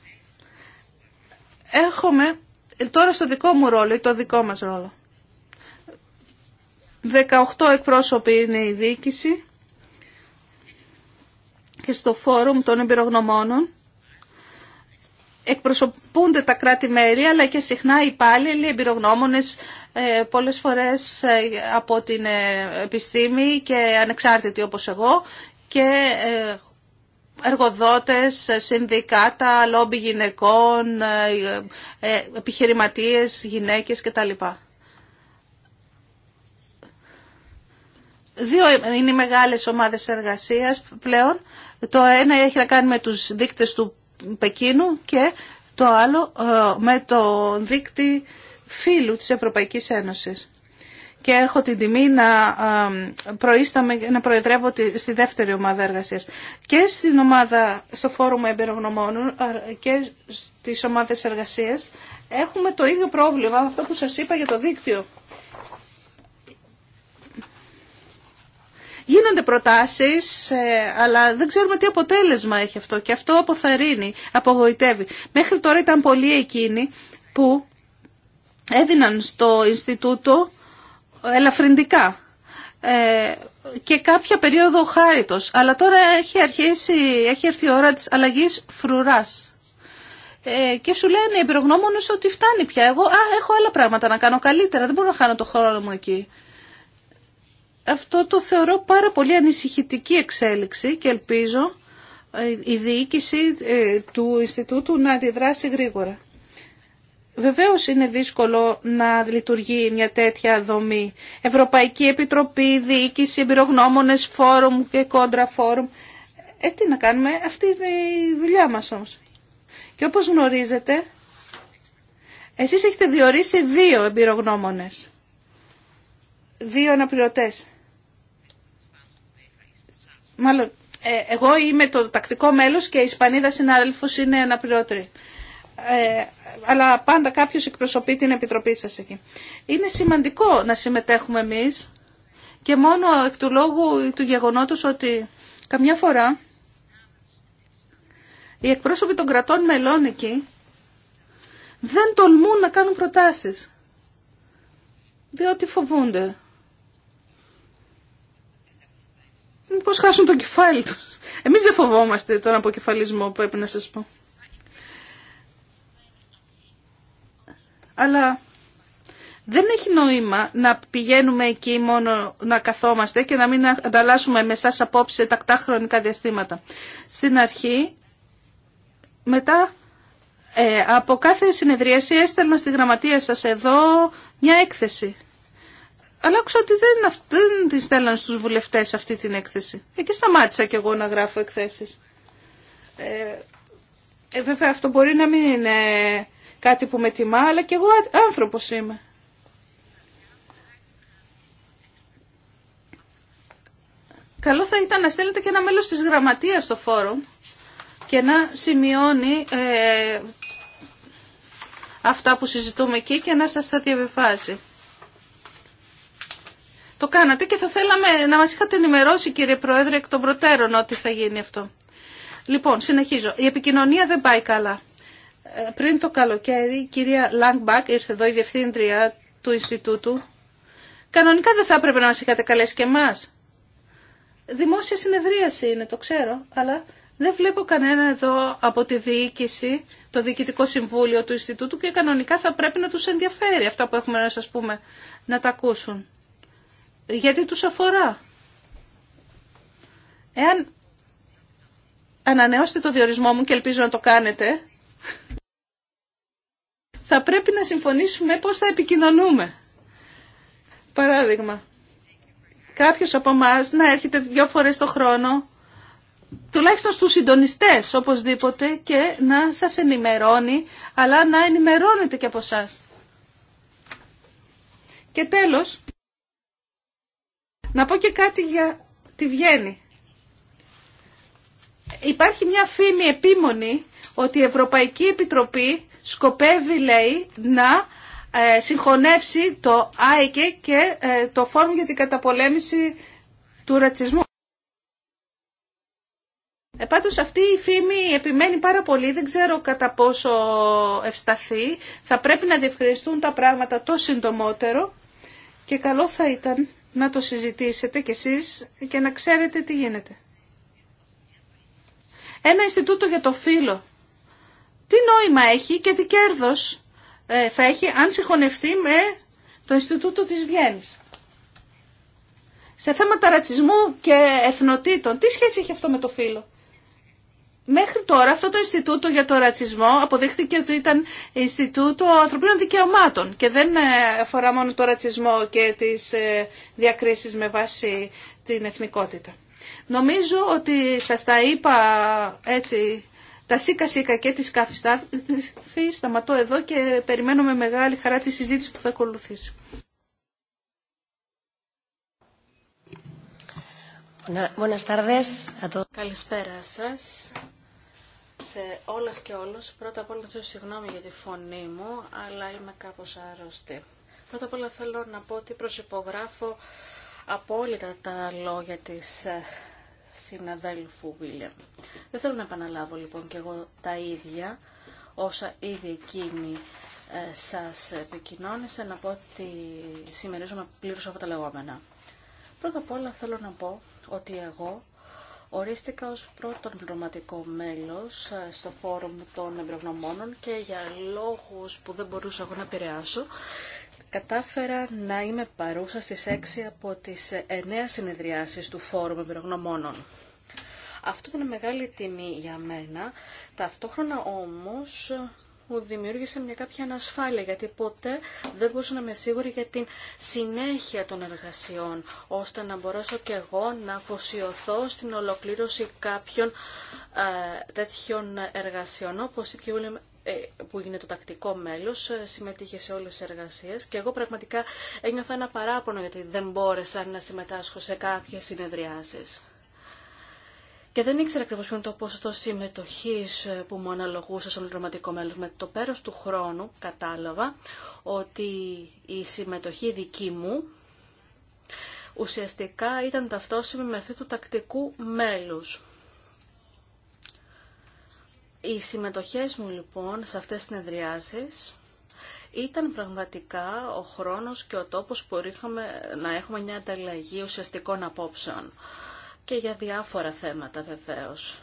Έχουμε ε, τώρα στο δικό μου ρόλο ή το δικό μας ρόλο. 18 εκπρόσωποι είναι η διοίκηση και στο φόρουμ των εμπειρογνωμόνων εκπροσωπούνται τα κράτη-μέλη αλλά και συχνά υπάλληλοι, εμπειρογνώμονες ε, πολλές φορές ε, από την ε, επιστήμη και ανεξάρτητοι όπως εγώ και εργοδότες, συνδικάτα, λόμπι γυναικών, επιχειρηματίες, γυναίκες κτλ. Δύο είναι οι μεγάλες ομάδες εργασίας πλέον. Το ένα έχει να κάνει με τους δείκτες του Πεκίνου και το άλλο ε, με το δίκτυ φίλου της Ευρωπαϊκής Ένωσης. Και έχω την τιμή να, ε, να προεδρεύω στη δεύτερη ομάδα εργασίας. Και στην ομάδα, στο φόρουμ Εμπειρογνωμών ε, και στις ομάδες εργασίας έχουμε το ίδιο πρόβλημα, αυτό που σας είπα για το δίκτυο. Γίνονται προτάσεις, ε, αλλά δεν ξέρουμε τι αποτέλεσμα έχει αυτό και αυτό αποθαρρύνει, απογοητεύει. Μέχρι τώρα ήταν πολλοί εκείνοι που έδιναν στο Ινστιτούτο ελαφρυντικά ε, και κάποια περίοδο χάριτος, αλλά τώρα έχει, αρχίσει, έχει έρθει η ώρα της αλλαγής φρουράς. Ε, και σου λένε οι ότι φτάνει πια. Εγώ α, έχω άλλα πράγματα να κάνω καλύτερα. Δεν μπορώ να χάνω το χρόνο μου εκεί αυτό το θεωρώ πάρα πολύ ανησυχητική εξέλιξη και ελπίζω ε, η διοίκηση ε, του Ινστιτούτου να αντιδράσει γρήγορα. Βεβαίως είναι δύσκολο να λειτουργεί μια τέτοια δομή. Ευρωπαϊκή Επιτροπή, Διοίκηση, Εμπειρογνώμονες, Φόρουμ και Κόντρα Φόρουμ. Ε, τι να κάνουμε, αυτή είναι η δουλειά μας όμως. Και όπως γνωρίζετε, εσείς έχετε διορίσει δύο εμπειρογνώμονες. Δύο αναπληρωτές. Μάλλον, ε, εγώ είμαι το τακτικό μέλος και η Ισπανίδα συνάδελφος είναι αναπληρώτρη. Ε, αλλά πάντα κάποιος εκπροσωπεί την Επιτροπή σας εκεί. Είναι σημαντικό να συμμετέχουμε εμείς και μόνο εκ του λόγου του γεγονότος ότι καμιά φορά οι εκπρόσωποι των κρατών μελών εκεί δεν τολμούν να κάνουν προτάσεις. Διότι φοβούνται Πώς χάσουν το κεφάλι τους. Εμείς δεν φοβόμαστε τον αποκεφαλισμό, έπρεπε να σα πω. Αλλά δεν έχει νόημα να πηγαίνουμε εκεί μόνο να καθόμαστε και να μην ανταλλάσσουμε με εσά απόψε τακτά χρονικά διαστήματα. Στην αρχή, μετά ε, από κάθε συνεδρίαση έστελνα στη γραμματεία σας εδώ μια έκθεση αλλά άκουσα ότι δεν, δεν τη στέλναν στους βουλευτές αυτή την έκθεση. Εκεί σταμάτησα κι εγώ να γράφω εκθέσεις. Ε, ε, βέβαια αυτό μπορεί να μην είναι κάτι που με τιμά, αλλά κι εγώ άνθρωπος είμαι. Καλό θα ήταν να στέλνετε και ένα μέλος της γραμματείας στο φόρουμ και να σημειώνει ε, αυτά που συζητούμε εκεί και να σας τα διαβεβάσει το κάνατε και θα θέλαμε να μας είχατε ενημερώσει κύριε Πρόεδρε εκ των προτέρων ότι θα γίνει αυτό. Λοιπόν, συνεχίζω. Η επικοινωνία δεν πάει καλά. Ε, πριν το καλοκαίρι η κυρία Λάγκμπακ ήρθε εδώ η διευθύντρια του Ινστιτούτου. Κανονικά δεν θα έπρεπε να μας είχατε καλέσει και εμάς. Δημόσια συνεδρίαση είναι, το ξέρω, αλλά δεν βλέπω κανένα εδώ από τη διοίκηση, το Διοικητικό Συμβούλιο του Ινστιτούτου και κανονικά θα πρέπει να τους ενδιαφέρει αυτά που έχουμε να σας πούμε, να τα ακούσουν γιατί τους αφορά. Εάν ανανεώσετε το διορισμό μου και ελπίζω να το κάνετε, θα πρέπει να συμφωνήσουμε πώς θα επικοινωνούμε. Παράδειγμα, κάποιος από εμά να έρχεται δυο φορές το χρόνο, τουλάχιστον στους συντονιστές οπωσδήποτε και να σας ενημερώνει, αλλά να ενημερώνετε και από εσά. Και τέλος, να πω και κάτι για τη Βιέννη. Υπάρχει μια φήμη επίμονη ότι η Ευρωπαϊκή Επιτροπή σκοπεύει, λέει, να ε, συγχωνεύσει το ΆΕΚΕ και ε, το Φόρουμ για την καταπολέμηση του ρατσισμού. Ε, αυτή η φήμη επιμένει πάρα πολύ, δεν ξέρω κατά πόσο ευσταθεί. Θα πρέπει να διευκρινιστούν τα πράγματα το συντομότερο και καλό θα ήταν να το συζητήσετε κι εσείς και να ξέρετε τι γίνεται. Ένα Ινστιτούτο για το φύλλο. Τι νόημα έχει και τι κέρδος ε, θα έχει αν συγχωνευτεί με το Ινστιτούτο της Βιέννης. Σε θέματα ρατσισμού και εθνοτήτων, τι σχέση έχει αυτό με το φύλλο. Μέχρι τώρα αυτό το Ινστιτούτο για το ρατσισμό αποδείχθηκε ότι ήταν Ινστιτούτο ανθρωπίνων δικαιωμάτων και δεν ε, αφορά μόνο το ρατσισμό και τις ε, διακρίσεις με βάση την εθνικότητα. Νομίζω ότι σας τα είπα έτσι τα σίκα σίκα και τις κάφη Σταματώ εδώ και περιμένω με μεγάλη χαρά τη συζήτηση που θα ακολουθήσει. Καλησπέρα σας σε όλες και όλους. Πρώτα απ' όλα θέλω συγγνώμη για τη φωνή μου, αλλά είμαι κάπως άρρωστη. Πρώτα απ' όλα θέλω να πω ότι προσυπογράφω απόλυτα τα λόγια της ε, συναδέλφου Βίλιαμ. Δεν θέλω να επαναλάβω λοιπόν και εγώ τα ίδια όσα ήδη εκείνη ε, σας επικοινώνησε να πω ότι συμμερίζομαι πλήρως από τα λεγόμενα. Πρώτα απ' όλα θέλω να πω ότι εγώ Ορίστηκα ως πρώτο πνευματικό μέλος ε, στο φόρουμ των εμπειρογνωμόνων και για λόγους που δεν μπορούσα εγώ να επηρεάσω, κατάφερα να είμαι παρούσα στις 6 από τις 9 ε, συνεδριάσεις του φόρουμ εμπειρογνωμόνων. Αυτό ήταν μεγάλη τιμή για μένα, ταυτόχρονα όμως που δημιούργησε μια κάποια ανασφάλεια, γιατί ποτέ δεν μπορούσα να είμαι σίγουρη για την συνέχεια των εργασιών, ώστε να μπορέσω και εγώ να αφοσιωθώ στην ολοκλήρωση κάποιων ε, τέτοιων εργασιών, όπως η Πιούλη ε, που είναι το τακτικό μέλος, ε, συμμετείχε σε όλες τις εργασίες και εγώ πραγματικά ένιωθα ένα παράπονο γιατί δεν μπόρεσα να συμμετάσχω σε κάποιες συνεδριάσεις και δεν ήξερα ακριβώ ποιο είναι το ποσοστό συμμετοχή ε, που μου αναλογούσε στον πληρωματικό μέλο. Με το πέρας του χρόνου κατάλαβα ότι η συμμετοχή δική μου ουσιαστικά ήταν ταυτόσιμη με αυτή του τακτικού μέλους. Οι συμμετοχές μου λοιπόν σε αυτές τις συνεδριάσεις ήταν πραγματικά ο χρόνος και ο τόπος που ρίχναμε να έχουμε μια ανταλλαγή ουσιαστικών απόψεων και για διάφορα θέματα βεβαίως.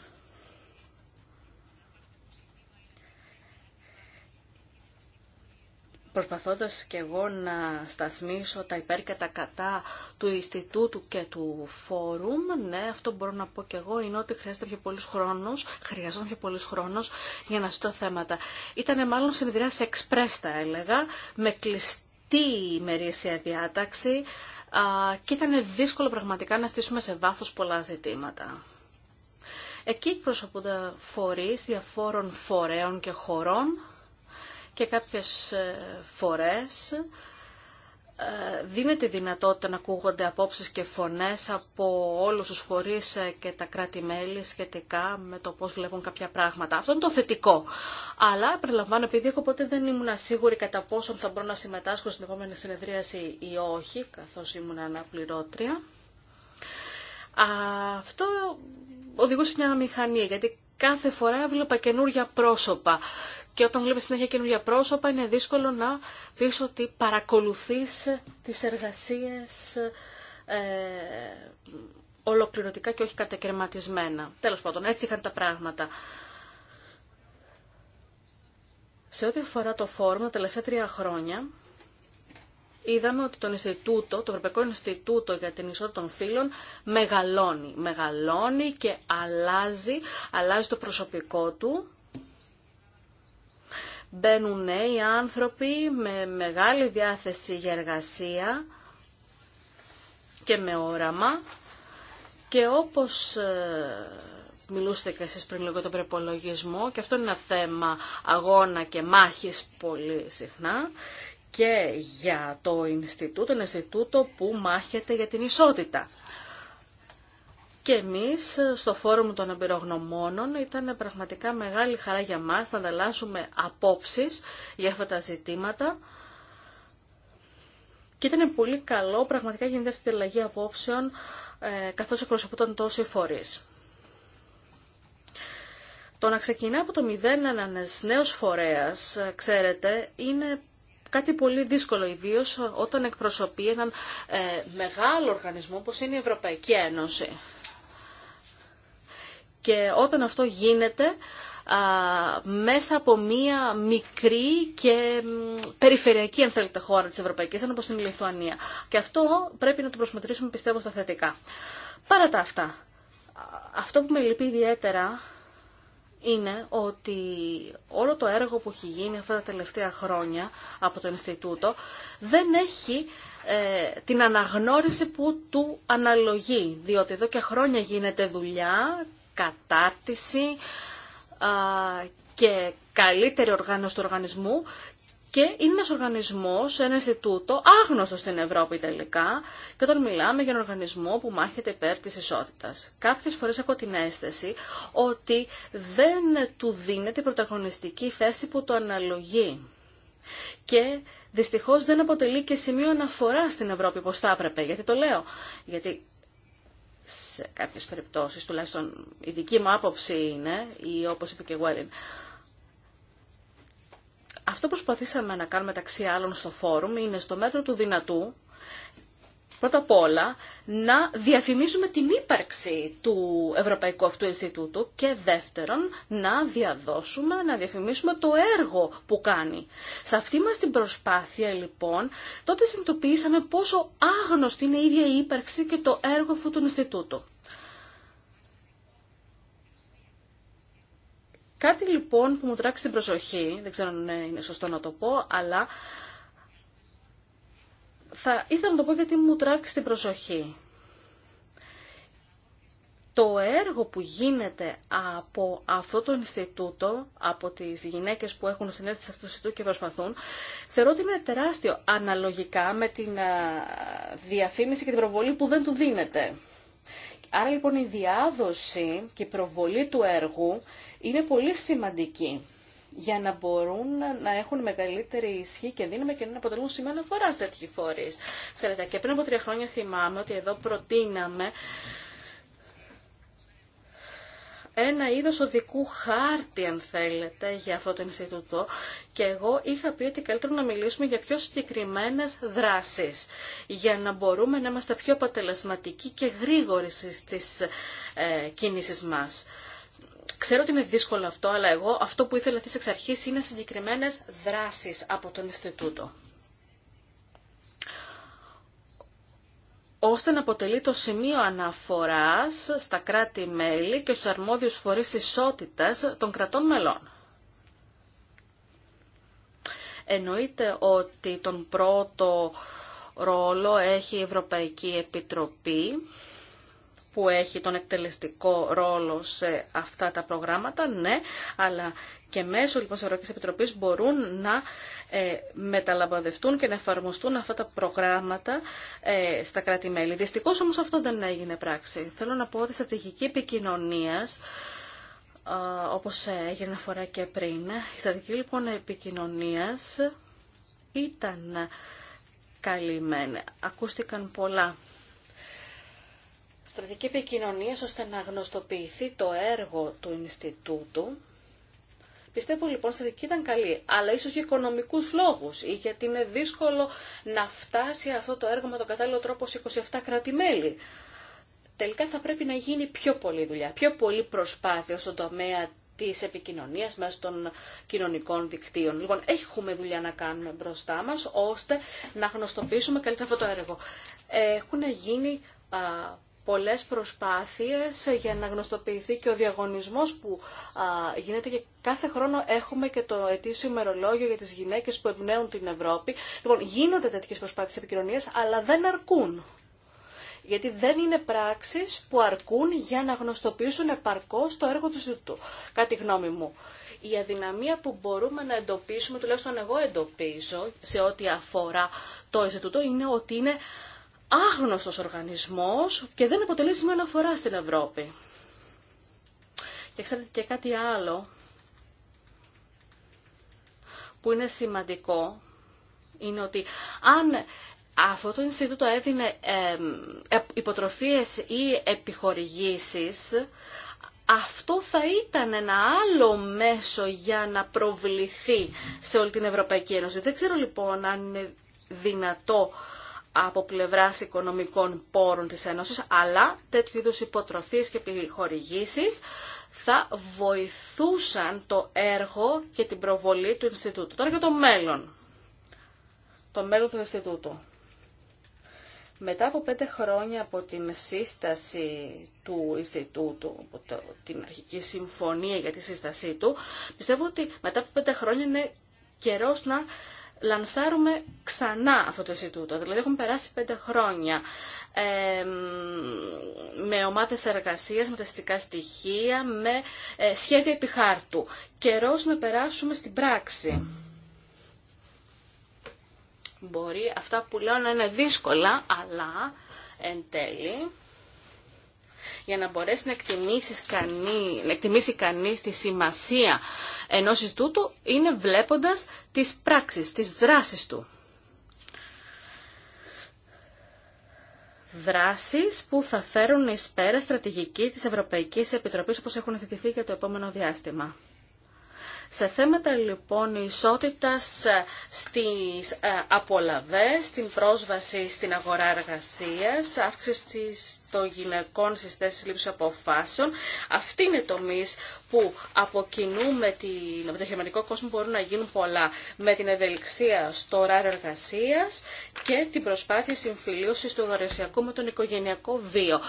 προσπαθώντας και εγώ να σταθμίσω τα υπέρ και τα κατά του Ινστιτούτου και του Φόρουμ, ναι, αυτό μπορώ να πω και εγώ, είναι ότι χρειάζεται πιο πολλούς χρόνος, χρειαζόταν πιο πολλούς χρόνος για να ζητώ θέματα. Ήτανε μάλλον συνεδριάσεις εξπρέστα, έλεγα, με κλειστή ημερήσια διάταξη, και ήταν δύσκολο πραγματικά να στήσουμε σε βάθος πολλά ζητήματα. Εκεί εκπροσωπούνται φορείς διαφόρων φορέων και χωρών και κάποιες ε, φορές δίνεται δυνατότητα να ακούγονται απόψεις και φωνές από όλους τους φορείς ε, και τα κράτη-μέλη σχετικά με το πώς βλέπουν κάποια πράγματα. Αυτό είναι το θετικό. Αλλά επαναλαμβάνω, επειδή εγώ ποτέ δεν ήμουν σίγουρη κατά πόσον θα μπορώ να συμμετάσχω στην επόμενη συνεδρίαση ή όχι, καθώς ήμουν αναπληρώτρια, αυτό οδηγούσε μια μηχανία, γιατί κάθε φορά έβλεπα καινούργια πρόσωπα και όταν βλέπεις συνέχεια καινούργια πρόσωπα είναι δύσκολο να πεις ότι παρακολουθείς τις εργασίες ε, ολοκληρωτικά και όχι κατακαιρματισμένα. Τέλος πάντων, έτσι είχαν τα πράγματα. Σε ό,τι αφορά το φόρμα, τα τελευταία τρία χρόνια, είδαμε ότι το, Ινστιτούτο, το Ευρωπαϊκό Ινστιτούτο για την Ισότητα των Φύλων μεγαλώνει. Μεγαλώνει και αλλάζει, αλλάζει το προσωπικό του μπαίνουν νέοι άνθρωποι με μεγάλη διάθεση για εργασία και με όραμα και όπως ε, μιλούσατε και εσείς πριν λίγο τον προπολογισμό και αυτό είναι ένα θέμα αγώνα και μάχης πολύ συχνά και για το Ινστιτούτο, ένα Ινστιτούτο που μάχεται για την ισότητα και εμείς στο φόρουμ των εμπειρογνωμόνων ήταν πραγματικά μεγάλη χαρά για μας να ανταλλάσσουμε απόψεις για αυτά τα ζητήματα και ήταν πολύ καλό πραγματικά γίνεται αυτή η αλλαγή απόψεων ε, καθώς εκπροσωπούνταν τόσοι φορείς. Το να ξεκινά από το μηδέν ένας νέος φορέας, ε, ξέρετε, είναι κάτι πολύ δύσκολο, ιδίω όταν εκπροσωπεί έναν ε, μεγάλο οργανισμό όπως είναι η Ευρωπαϊκή Ένωση και όταν αυτό γίνεται μέσα από μία μικρή και περιφερειακή, αν θέλετε, χώρα της Ευρωπαϊκής όπως είναι η Λιθουανία. Και αυτό πρέπει να το προσμετρήσουμε, πιστεύω, στα θετικά. Παρά τα αυτά, αυτό που με λυπεί ιδιαίτερα είναι ότι όλο το έργο που έχει γίνει αυτά τα τελευταία χρόνια από το Ινστιτούτο δεν έχει ε, την αναγνώριση που του αναλογεί, διότι εδώ και χρόνια γίνεται δουλειά κατάρτιση και καλύτερη οργάνωση του οργανισμού και είναι ένας οργανισμός, ένα Ινστιτούτο, άγνωστο στην Ευρώπη τελικά, και όταν μιλάμε για έναν οργανισμό που μάχεται υπέρ της ισότητας. Κάποιες φορές έχω την αίσθηση ότι δεν του δίνεται η πρωταγωνιστική θέση που το αναλογεί. Και δυστυχώς δεν αποτελεί και σημείο αναφορά στην Ευρώπη όπως θα έπρεπε. Γιατί το λέω. Γιατί σε κάποιες περιπτώσεις, τουλάχιστον η δική μου άποψη είναι, ή όπως είπε και Γουέλιν. Αυτό που προσπαθήσαμε να κάνουμε μεταξύ άλλων στο φόρουμ είναι στο μέτρο του δυνατού πρώτα απ' όλα να διαφημίσουμε την ύπαρξη του Ευρωπαϊκού Αυτού Ινστιτούτου και δεύτερον να διαδώσουμε, να διαφημίσουμε το έργο που κάνει. Σε αυτή μας την προσπάθεια λοιπόν τότε συνειδητοποιήσαμε πόσο άγνωστη είναι η ίδια η ύπαρξη και το έργο αυτού του Ινστιτούτου. Κάτι λοιπόν που μου τράξει την προσοχή, δεν ξέρω αν είναι σωστό να το πω, αλλά θα ήθελα να το πω γιατί μου τράβηξε την προσοχή. Το έργο που γίνεται από αυτό το Ινστιτούτο, από τις γυναίκες που έχουν συνέλθει σε αυτό το Ινστιτούτο και προσπαθούν, θεωρώ ότι είναι τεράστιο αναλογικά με τη διαφήμιση και την προβολή που δεν του δίνεται. Άρα λοιπόν η διάδοση και η προβολή του έργου είναι πολύ σημαντική για να μπορούν να έχουν μεγαλύτερη ισχύ και δύναμη και να αποτελούν σημείο αναφορά τέτοιοι φορεί. Ξέρετε, και πριν από τρία χρόνια θυμάμαι ότι εδώ προτείναμε ένα είδος οδικού χάρτη, αν θέλετε, για αυτό το Ινστιτούτο και εγώ είχα πει ότι καλύτερο να μιλήσουμε για πιο συγκεκριμένε δράσεις, για να μπορούμε να είμαστε πιο αποτελεσματικοί και γρήγοροι στις ε, κινήσεις μας. Ξέρω ότι είναι δύσκολο αυτό, αλλά εγώ αυτό που ήθελα της εξ αρχής είναι συγκεκριμένες δράσεις από τον Ινστιτούτο. ώστε να αποτελεί το σημείο αναφοράς στα κράτη-μέλη και στους αρμόδιους φορείς ισότητας των κρατών μελών. Εννοείται ότι τον πρώτο ρόλο έχει η Ευρωπαϊκή Επιτροπή που έχει τον εκτελεστικό ρόλο σε αυτά τα προγράμματα, ναι, αλλά και μέσω λοιπόν της Ευρωπαϊκής Επιτροπής μπορούν να ε, μεταλαμπαδευτούν και να εφαρμοστούν αυτά τα προγράμματα ε, στα κράτη-μέλη. Δυστυχώς όμως αυτό δεν έγινε πράξη. Θέλω να πω ότι η στρατηγική επικοινωνία ε, όπως έγινε αφορά και πριν, η στρατηγική λοιπόν επικοινωνίας ήταν καλυμμένη. Ακούστηκαν πολλά στρατηγική επικοινωνία ώστε να γνωστοποιηθεί το έργο του Ινστιτούτου. Πιστεύω λοιπόν στρατική ήταν καλή, αλλά ίσως για οικονομικούς λόγους ή γιατί είναι δύσκολο να φτάσει αυτό το έργο με τον κατάλληλο τρόπο σε 27 κρατη Τελικά θα πρέπει να γίνει πιο πολλή δουλειά, πιο πολλή προσπάθεια στον τομέα της επικοινωνίας μέσα των κοινωνικών δικτύων. Λοιπόν, έχουμε δουλειά να κάνουμε μπροστά μας, ώστε να γνωστοποιήσουμε καλύτερα αυτό το έργο. Έχουν γίνει πολλές προσπάθειες για να γνωστοποιηθεί και ο διαγωνισμός που γίνεται και κάθε χρόνο έχουμε και το ετήσιο ημερολόγιο για τις γυναίκες που εμπνέουν την Ευρώπη. Λοιπόν, γίνονται τέτοιες προσπάθειες επικοινωνίας, αλλά δεν αρκούν. Γιατί δεν είναι πράξεις που αρκούν για να γνωστοποιήσουν επαρκώς το έργο του Ινστιτούτου, Κάτι γνώμη μου. Η αδυναμία που μπορούμε να εντοπίσουμε, τουλάχιστον εγώ εντοπίζω, σε ό,τι αφορά το Ινστιτούτο, είναι ότι είναι άγνωστος οργανισμός και δεν αποτελεί σημείο αναφορά στην Ευρώπη. Και ξέρετε και κάτι άλλο που είναι σημαντικό είναι ότι αν αυτό το Ινστιτούτο έδινε υποτροφίες ή επιχορηγήσεις, αυτό θα ήταν ένα άλλο μέσο για να προβληθεί σε όλη την Ευρωπαϊκή Ένωση. Δεν ξέρω λοιπόν αν είναι δυνατό από πλευράς οικονομικών πόρων της Ένωσης, αλλά τέτοιου είδους υποτροφίες και επιχορηγήσεις θα βοηθούσαν το έργο και την προβολή του Ινστιτούτου. Τώρα για το μέλλον. Το μέλλον του Ινστιτούτου. Μετά από πέντε χρόνια από την σύσταση του Ινστιτούτου, από την αρχική συμφωνία για τη σύστασή του, πιστεύω ότι μετά από πέντε χρόνια είναι καιρός να λανσάρουμε ξανά αυτό το Ινστιτούτο. Δηλαδή έχουν περάσει πέντε χρόνια με ομάδες εργασίας, με τα στοιχεία, με ε, σχέδια επιχάρτου. Καιρός να περάσουμε στην πράξη. Μπορεί αυτά που λέω να είναι δύσκολα, αλλά εν τέλει για να μπορέσει να εκτιμήσει, κανεί, να κανείς τη σημασία ενός τούτου είναι βλέποντας τις πράξεις, τις δράσεις του. Δράσεις που θα φέρουν εις πέρα στρατηγική της Ευρωπαϊκής Επιτροπής όπως έχουν θετηθεί για το επόμενο διάστημα. Σε θέματα λοιπόν ισότητας ε, στις ε, απολαβές, στην πρόσβαση στην αγορά εργασίας, αύξηση των γυναικών στις θέσεις λήψης αποφάσεων, αυτή είναι το μυς που από κοινού με, την, το κόσμο μπορούν να γίνουν πολλά με την ευελιξία στο ωράριο εργασίας και την προσπάθεια συμφιλίωσης του εργασιακού με τον οικογενειακό βίο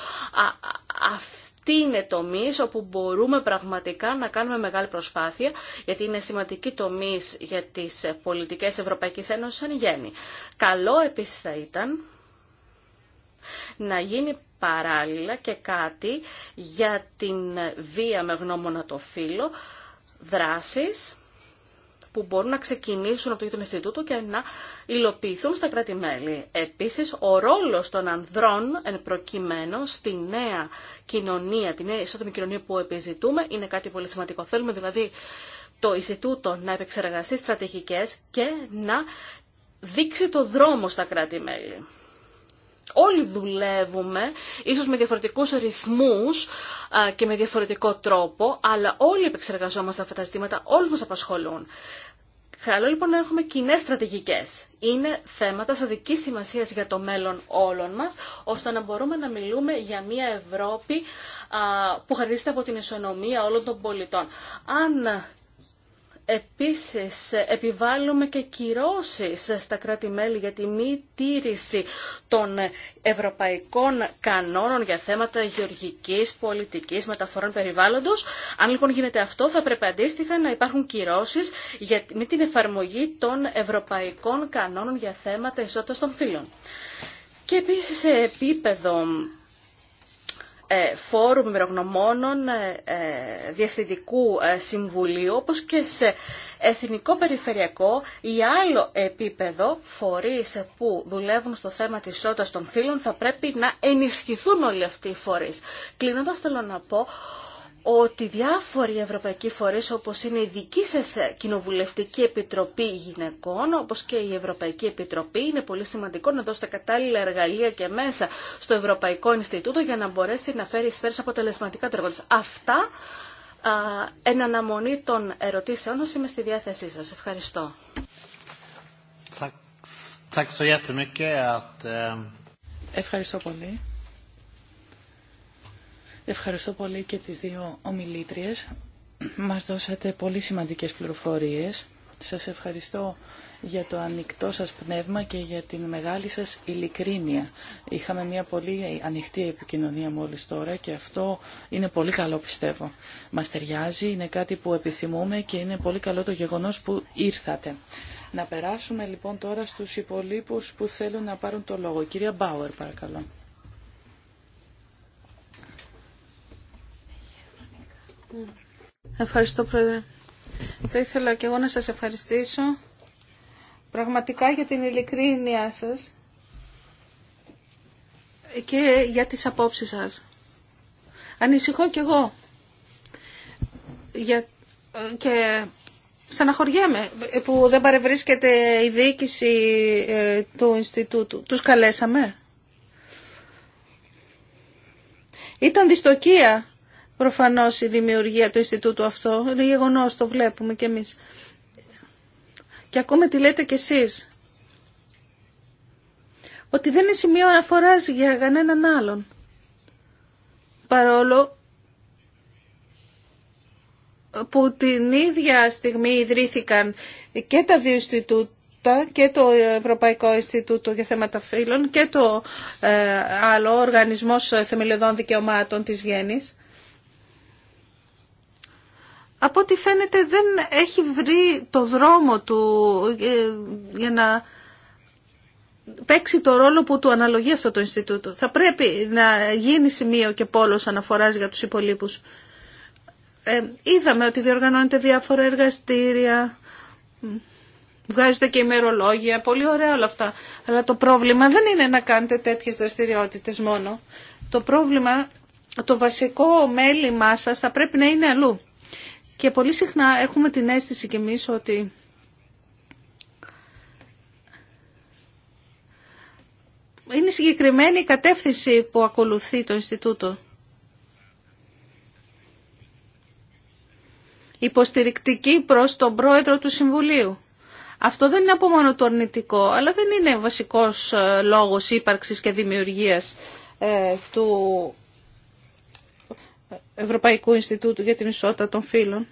τι είναι τομεί όπου μπορούμε πραγματικά να κάνουμε μεγάλη προσπάθεια, γιατί είναι σημαντική τομή για τι πολιτικέ Ευρωπαϊκή Ένωση σαν γέννη. Καλό επίση θα ήταν να γίνει παράλληλα και κάτι για την βία με γνώμονα το φύλλο, δράσεις που μπορούν να ξεκινήσουν από το ίδιο Ινστιτούτο και να υλοποιηθούν στα κράτη-μέλη. Επίσης, ο ρόλος των ανδρών εν προκειμένου στη νέα κοινωνία, τη νέα ισότιμη κοινωνία που επιζητούμε, είναι κάτι πολύ σημαντικό. Θέλουμε δηλαδή το Ινστιτούτο να επεξεργαστεί στρατηγικές και να δείξει το δρόμο στα κράτη-μέλη όλοι δουλεύουμε, ίσως με διαφορετικούς ρυθμούς και με διαφορετικό τρόπο, αλλά όλοι επεξεργαζόμαστε αυτά τα ζητήματα, όλοι μας απασχολούν. Καλό λοιπόν να έχουμε κοινέ στρατηγικέ. Είναι θέματα δική σημασία για το μέλλον όλων μα, ώστε να μπορούμε να μιλούμε για μια Ευρώπη που χαρίζεται από την ισονομία όλων των πολιτών. Αν Επίσης, επιβάλλουμε και κυρώσεις στα κράτη-μέλη για τη μη τήρηση των ευρωπαϊκών κανόνων για θέματα γεωργικής, πολιτικής, μεταφορών περιβάλλοντος. Αν λοιπόν γίνεται αυτό, θα πρέπει αντίστοιχα να υπάρχουν κυρώσεις για μη την εφαρμογή των ευρωπαϊκών κανόνων για θέματα ισότητας των φύλων. Και επίσης σε επίπεδο ε, φόρουμ μερογνωμόνων ε, ε, διευθυντικού συμβουλίου, όπως και σε εθνικό περιφερειακό ή άλλο επίπεδο φορείς που δουλεύουν στο θέμα της ισότητας των φύλων θα πρέπει να ενισχυθούν όλοι αυτοί οι φορείς. Κλείνοντας θέλω να πω ότι διάφοροι ευρωπαϊκοί φορείς όπως είναι η δική σας Κοινοβουλευτική Επιτροπή Γυναικών όπως και η Ευρωπαϊκή Επιτροπή είναι πολύ σημαντικό να δώσετε κατάλληλα εργαλεία και μέσα στο Ευρωπαϊκό Ινστιτούτο για να μπορέσει να φέρει σφαίρες αποτελεσματικά το έργο Αυτά α, εν αναμονή των ερωτήσεών σας είμαι στη διάθεσή σας. Ευχαριστώ. Ευχαριστώ πολύ. Ευχαριστώ πολύ και τις δύο ομιλήτριες. Μας δώσατε πολύ σημαντικές πληροφορίες. Σας ευχαριστώ για το ανοιχτό σας πνεύμα και για την μεγάλη σας ειλικρίνεια. Είχαμε μια πολύ ανοιχτή επικοινωνία μόλις τώρα και αυτό είναι πολύ καλό πιστεύω. Μας ταιριάζει, είναι κάτι που επιθυμούμε και είναι πολύ καλό το γεγονός που ήρθατε. Να περάσουμε λοιπόν τώρα στους υπολείπους που θέλουν να πάρουν το λόγο. Κυρία Μπάουερ παρακαλώ. Ευχαριστώ, Πρόεδρε. Θα ήθελα και εγώ να σας ευχαριστήσω πραγματικά για την ειλικρίνειά σας και για τις απόψεις σας. Ανησυχώ κι εγώ για... και στεναχωριέμαι που δεν παρευρίσκεται η διοίκηση ε, του Ινστιτούτου. Τους καλέσαμε. Ήταν δυστοκία Προφανώς η δημιουργία του Ινστιτούτου αυτό είναι γεγονό, το βλέπουμε κι εμείς. Και ακούμε τι λέτε κι εσείς. Ότι δεν είναι σημείο αναφοράς για κανέναν άλλον. Παρόλο που την ίδια στιγμή ιδρύθηκαν και τα δύο Ινστιτούτα και το Ευρωπαϊκό Ινστιτούτο για θέματα φύλων και το ε, άλλο Οργανισμός Θεμελιωδών Δικαιωμάτων της Βιέννης από ό,τι φαίνεται δεν έχει βρει το δρόμο του ε, για να παίξει το ρόλο που του αναλογεί αυτό το Ινστιτούτο. Θα πρέπει να γίνει σημείο και πόλος αναφοράς για τους υπολείπους. Ε, είδαμε ότι διοργανώνεται διάφορα εργαστήρια, βγάζετε και ημερολόγια, πολύ ωραία όλα αυτά. Αλλά το πρόβλημα δεν είναι να κάνετε τέτοιες δραστηριότητες μόνο. Το πρόβλημα, το βασικό μέλημά σας θα πρέπει να είναι αλλού. Και πολύ συχνά έχουμε την αίσθηση κι εμείς ότι είναι συγκεκριμένη η κατεύθυνση που ακολουθεί το Ινστιτούτο. Υποστηρικτική προς τον πρόεδρο του Συμβουλίου. Αυτό δεν είναι από μόνο αρνητικό, αλλά δεν είναι βασικός ε, λόγος ύπαρξης και δημιουργίας ε, του Ευρωπαϊκού Ινστιτούτου για την Ισότητα των Φύλων.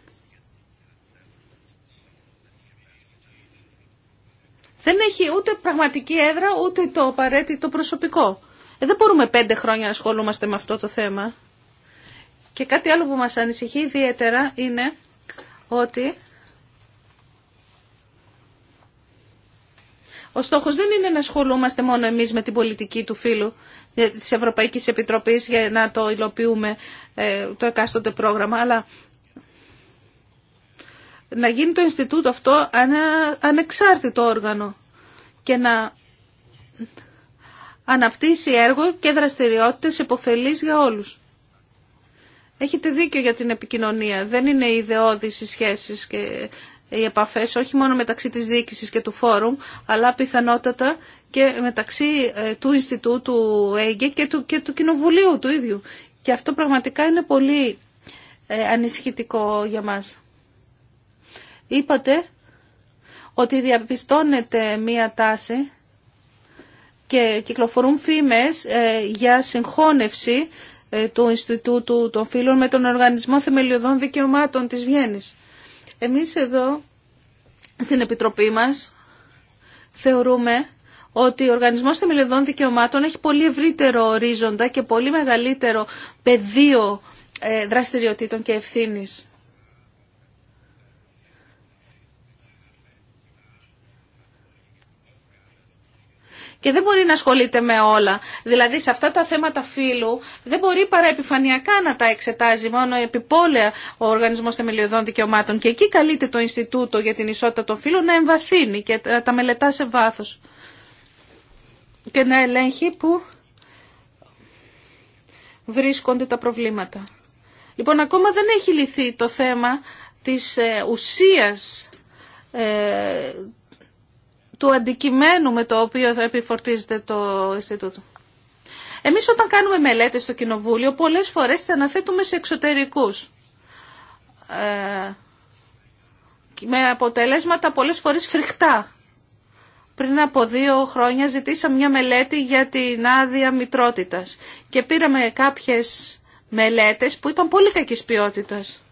Δεν έχει ούτε πραγματική έδρα, ούτε το απαραίτητο προσωπικό. Ε, δεν μπορούμε πέντε χρόνια να ασχολούμαστε με αυτό το θέμα. Και κάτι άλλο που μας ανησυχεί ιδιαίτερα είναι ότι Ο στόχος δεν είναι να ασχολούμαστε μόνο εμείς με την πολιτική του φίλου ε, της Ευρωπαϊκής Επιτροπής για να το υλοποιούμε ε, το εκάστοτε πρόγραμμα, αλλά να γίνει το Ινστιτούτο αυτό ανεξάρτητο όργανο και να αναπτύσσει έργο και δραστηριότητες εποφελής για όλους. Έχετε δίκιο για την επικοινωνία. Δεν είναι ιδεώδεις οι σχέσεις και οι επαφές όχι μόνο μεταξύ της διοίκησης και του φόρουμ, αλλά πιθανότατα και μεταξύ ε, του Ινστιτούτου ΕΓΕ και του, και του Κοινοβουλίου του ίδιου. Και αυτό πραγματικά είναι πολύ ε, ανησυχητικό για μας. Είπατε ότι διαπιστώνεται μία τάση και κυκλοφορούν φήμες ε, για συγχώνευση του Ινστιτούτου των Φίλων με τον Οργανισμό Θεμελιωδών Δικαιωμάτων της Βιέννης. Εμείς εδώ στην Επιτροπή μας θεωρούμε ότι ο Οργανισμός Θεμελιωδών Δικαιωμάτων έχει πολύ ευρύτερο ορίζοντα και πολύ μεγαλύτερο πεδίο ε, δραστηριοτήτων και ευθύνης. και δεν μπορεί να ασχολείται με όλα. Δηλαδή σε αυτά τα θέματα φύλου δεν μπορεί παρά επιφανειακά να τα εξετάζει μόνο επιπόλαια ο Οργανισμός Θεμελιωδών Δικαιωμάτων και εκεί καλείται το Ινστιτούτο για την Ισότητα των Φύλων να εμβαθύνει και να τα μελετά σε βάθος και να ελέγχει που βρίσκονται τα προβλήματα. Λοιπόν, ακόμα δεν έχει λυθεί το θέμα της ε, ουσίας ε, του αντικειμένου με το οποίο θα επιφορτίζεται το Ινστιτούτο. Εμείς όταν κάνουμε μελέτες στο Κοινοβούλιο, πολλές φορές τις αναθέτουμε σε εξωτερικούς. Ε, με αποτελέσματα πολλές φορές φρικτά. Πριν από δύο χρόνια ζητήσαμε μια μελέτη για την άδεια μητρότητας και πήραμε κάποιες μελέτες που ήταν πολύ κακής ποιότητας.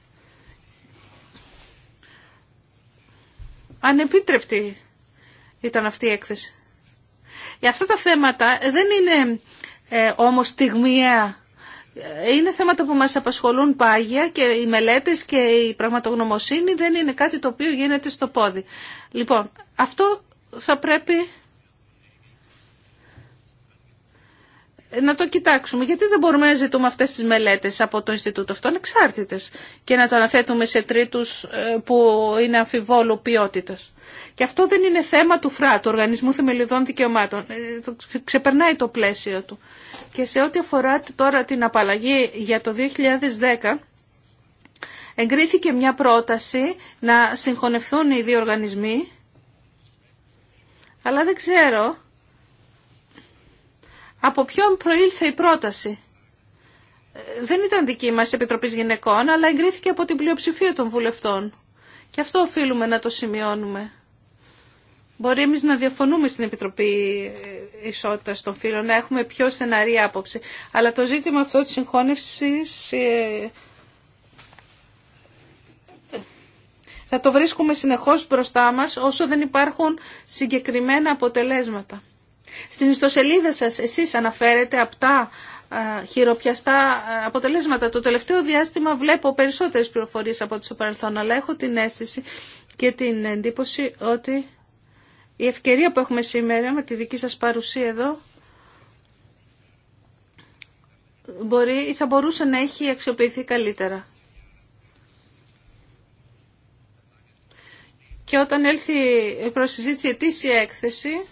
Ανεπίτρεπτη ήταν αυτή η έκθεση. Για αυτά τα θέματα δεν είναι ε, όμως στιγμιαία. Ε, είναι θέματα που μας απασχολούν πάγια και οι μελέτες και η πραγματογνωμοσύνη δεν είναι κάτι το οποίο γίνεται στο πόδι. Λοιπόν, αυτό θα πρέπει να το κοιτάξουμε. Γιατί δεν μπορούμε να ζητούμε αυτέ τι μελέτες από το Ινστιτούτο αυτό, εξάρτητες και να το αναθέτουμε σε τρίτους ε, που είναι αμφιβόλου ποιότητα. Και αυτό δεν είναι θέμα του ΦΡΑ, του Οργανισμού Θεμελιωδών Δικαιωμάτων. Ε, ξεπερνάει το πλαίσιο του. Και σε ό,τι αφορά τώρα την απαλλαγή για το 2010, εγκρίθηκε μια πρόταση να συγχωνευθούν οι δύο οργανισμοί, αλλά δεν ξέρω από ποιον προήλθε η πρόταση. Δεν ήταν δική μας Επιτροπής Γυναικών, αλλά εγκρίθηκε από την πλειοψηφία των βουλευτών. Και αυτό οφείλουμε να το σημειώνουμε. Μπορεί εμεί να διαφωνούμε στην Επιτροπή ε, Ισότητας των Φύλων, να έχουμε πιο στεναρή άποψη. Αλλά το ζήτημα αυτό τη συγχώνευση ε, θα το βρίσκουμε συνεχώς μπροστά μας όσο δεν υπάρχουν συγκεκριμένα αποτελέσματα. Στην ιστοσελίδα σας εσείς αναφέρετε απτά χειροπιαστά αποτελέσματα. Το τελευταίο διάστημα βλέπω περισσότερες πληροφορίες από ό,τι στο παρελθόν, αλλά έχω την αίσθηση και την εντύπωση ότι η ευκαιρία που έχουμε σήμερα με τη δική σας παρουσία εδώ μπορεί ή θα μπορούσε να έχει αξιοποιηθεί καλύτερα. Και όταν έλθει προς συζήτηση ετήσια έκθεση,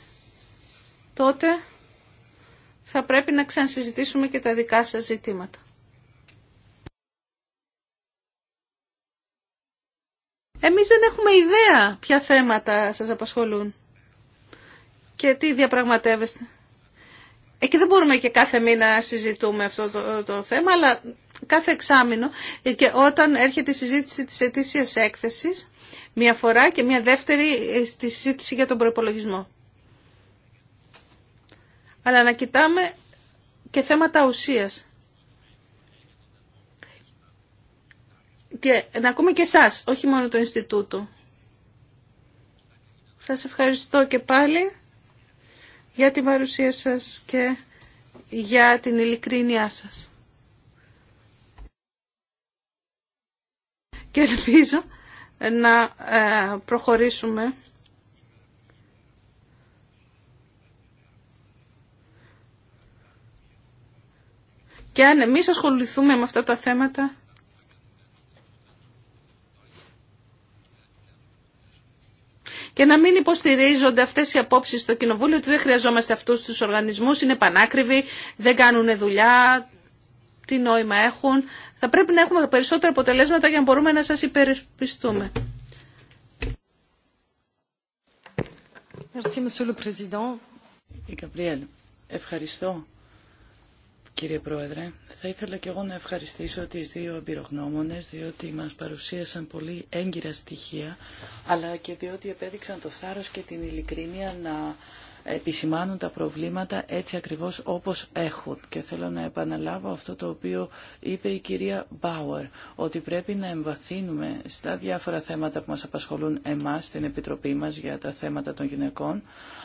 τότε θα πρέπει να ξανασυζητήσουμε και τα δικά σας ζητήματα. Εμείς δεν έχουμε ιδέα ποια θέματα σας απασχολούν και τι διαπραγματεύεστε. Εκεί δεν μπορούμε και κάθε μήνα να συζητούμε αυτό το, θέμα, αλλά κάθε εξάμεινο και όταν έρχεται η συζήτηση της ετήσιας έκθεσης, μία φορά και μία δεύτερη στη συζήτηση για τον προπολογισμό αλλά να κοιτάμε και θέματα ουσίας. Και να ακούμε και εσάς, όχι μόνο το Ινστιτούτο. Σας ευχαριστώ και πάλι για την παρουσία σας και για την ειλικρίνειά σας. Και ελπίζω να ε, προχωρήσουμε Και αν εμείς ασχοληθούμε με αυτά τα θέματα, και να μην υποστηρίζονται αυτέ οι απόψει στο Κοινοβούλιο ότι δεν χρειαζόμαστε αυτού του οργανισμού, είναι πανάκριβοι, δεν κάνουν δουλειά, τι νόημα έχουν. Θα πρέπει να έχουμε περισσότερα αποτελέσματα για να μπορούμε να σα υπερπιστούμε. Ευχαριστώ κύριε Πρόεδρε. Θα ήθελα και εγώ να ευχαριστήσω τις δύο εμπειρογνώμονες, διότι μας παρουσίασαν πολύ έγκυρα στοιχεία, αλλά και διότι επέδειξαν το θάρρος και την ειλικρίνεια να επισημάνουν τα προβλήματα έτσι ακριβώς όπως έχουν. Και θέλω να επαναλάβω αυτό το οποίο είπε η κυρία Μπάουερ, ότι πρέπει να εμβαθύνουμε στα διάφορα θέματα που μας απασχολούν εμάς, στην Επιτροπή μας για τα θέματα των γυναικών,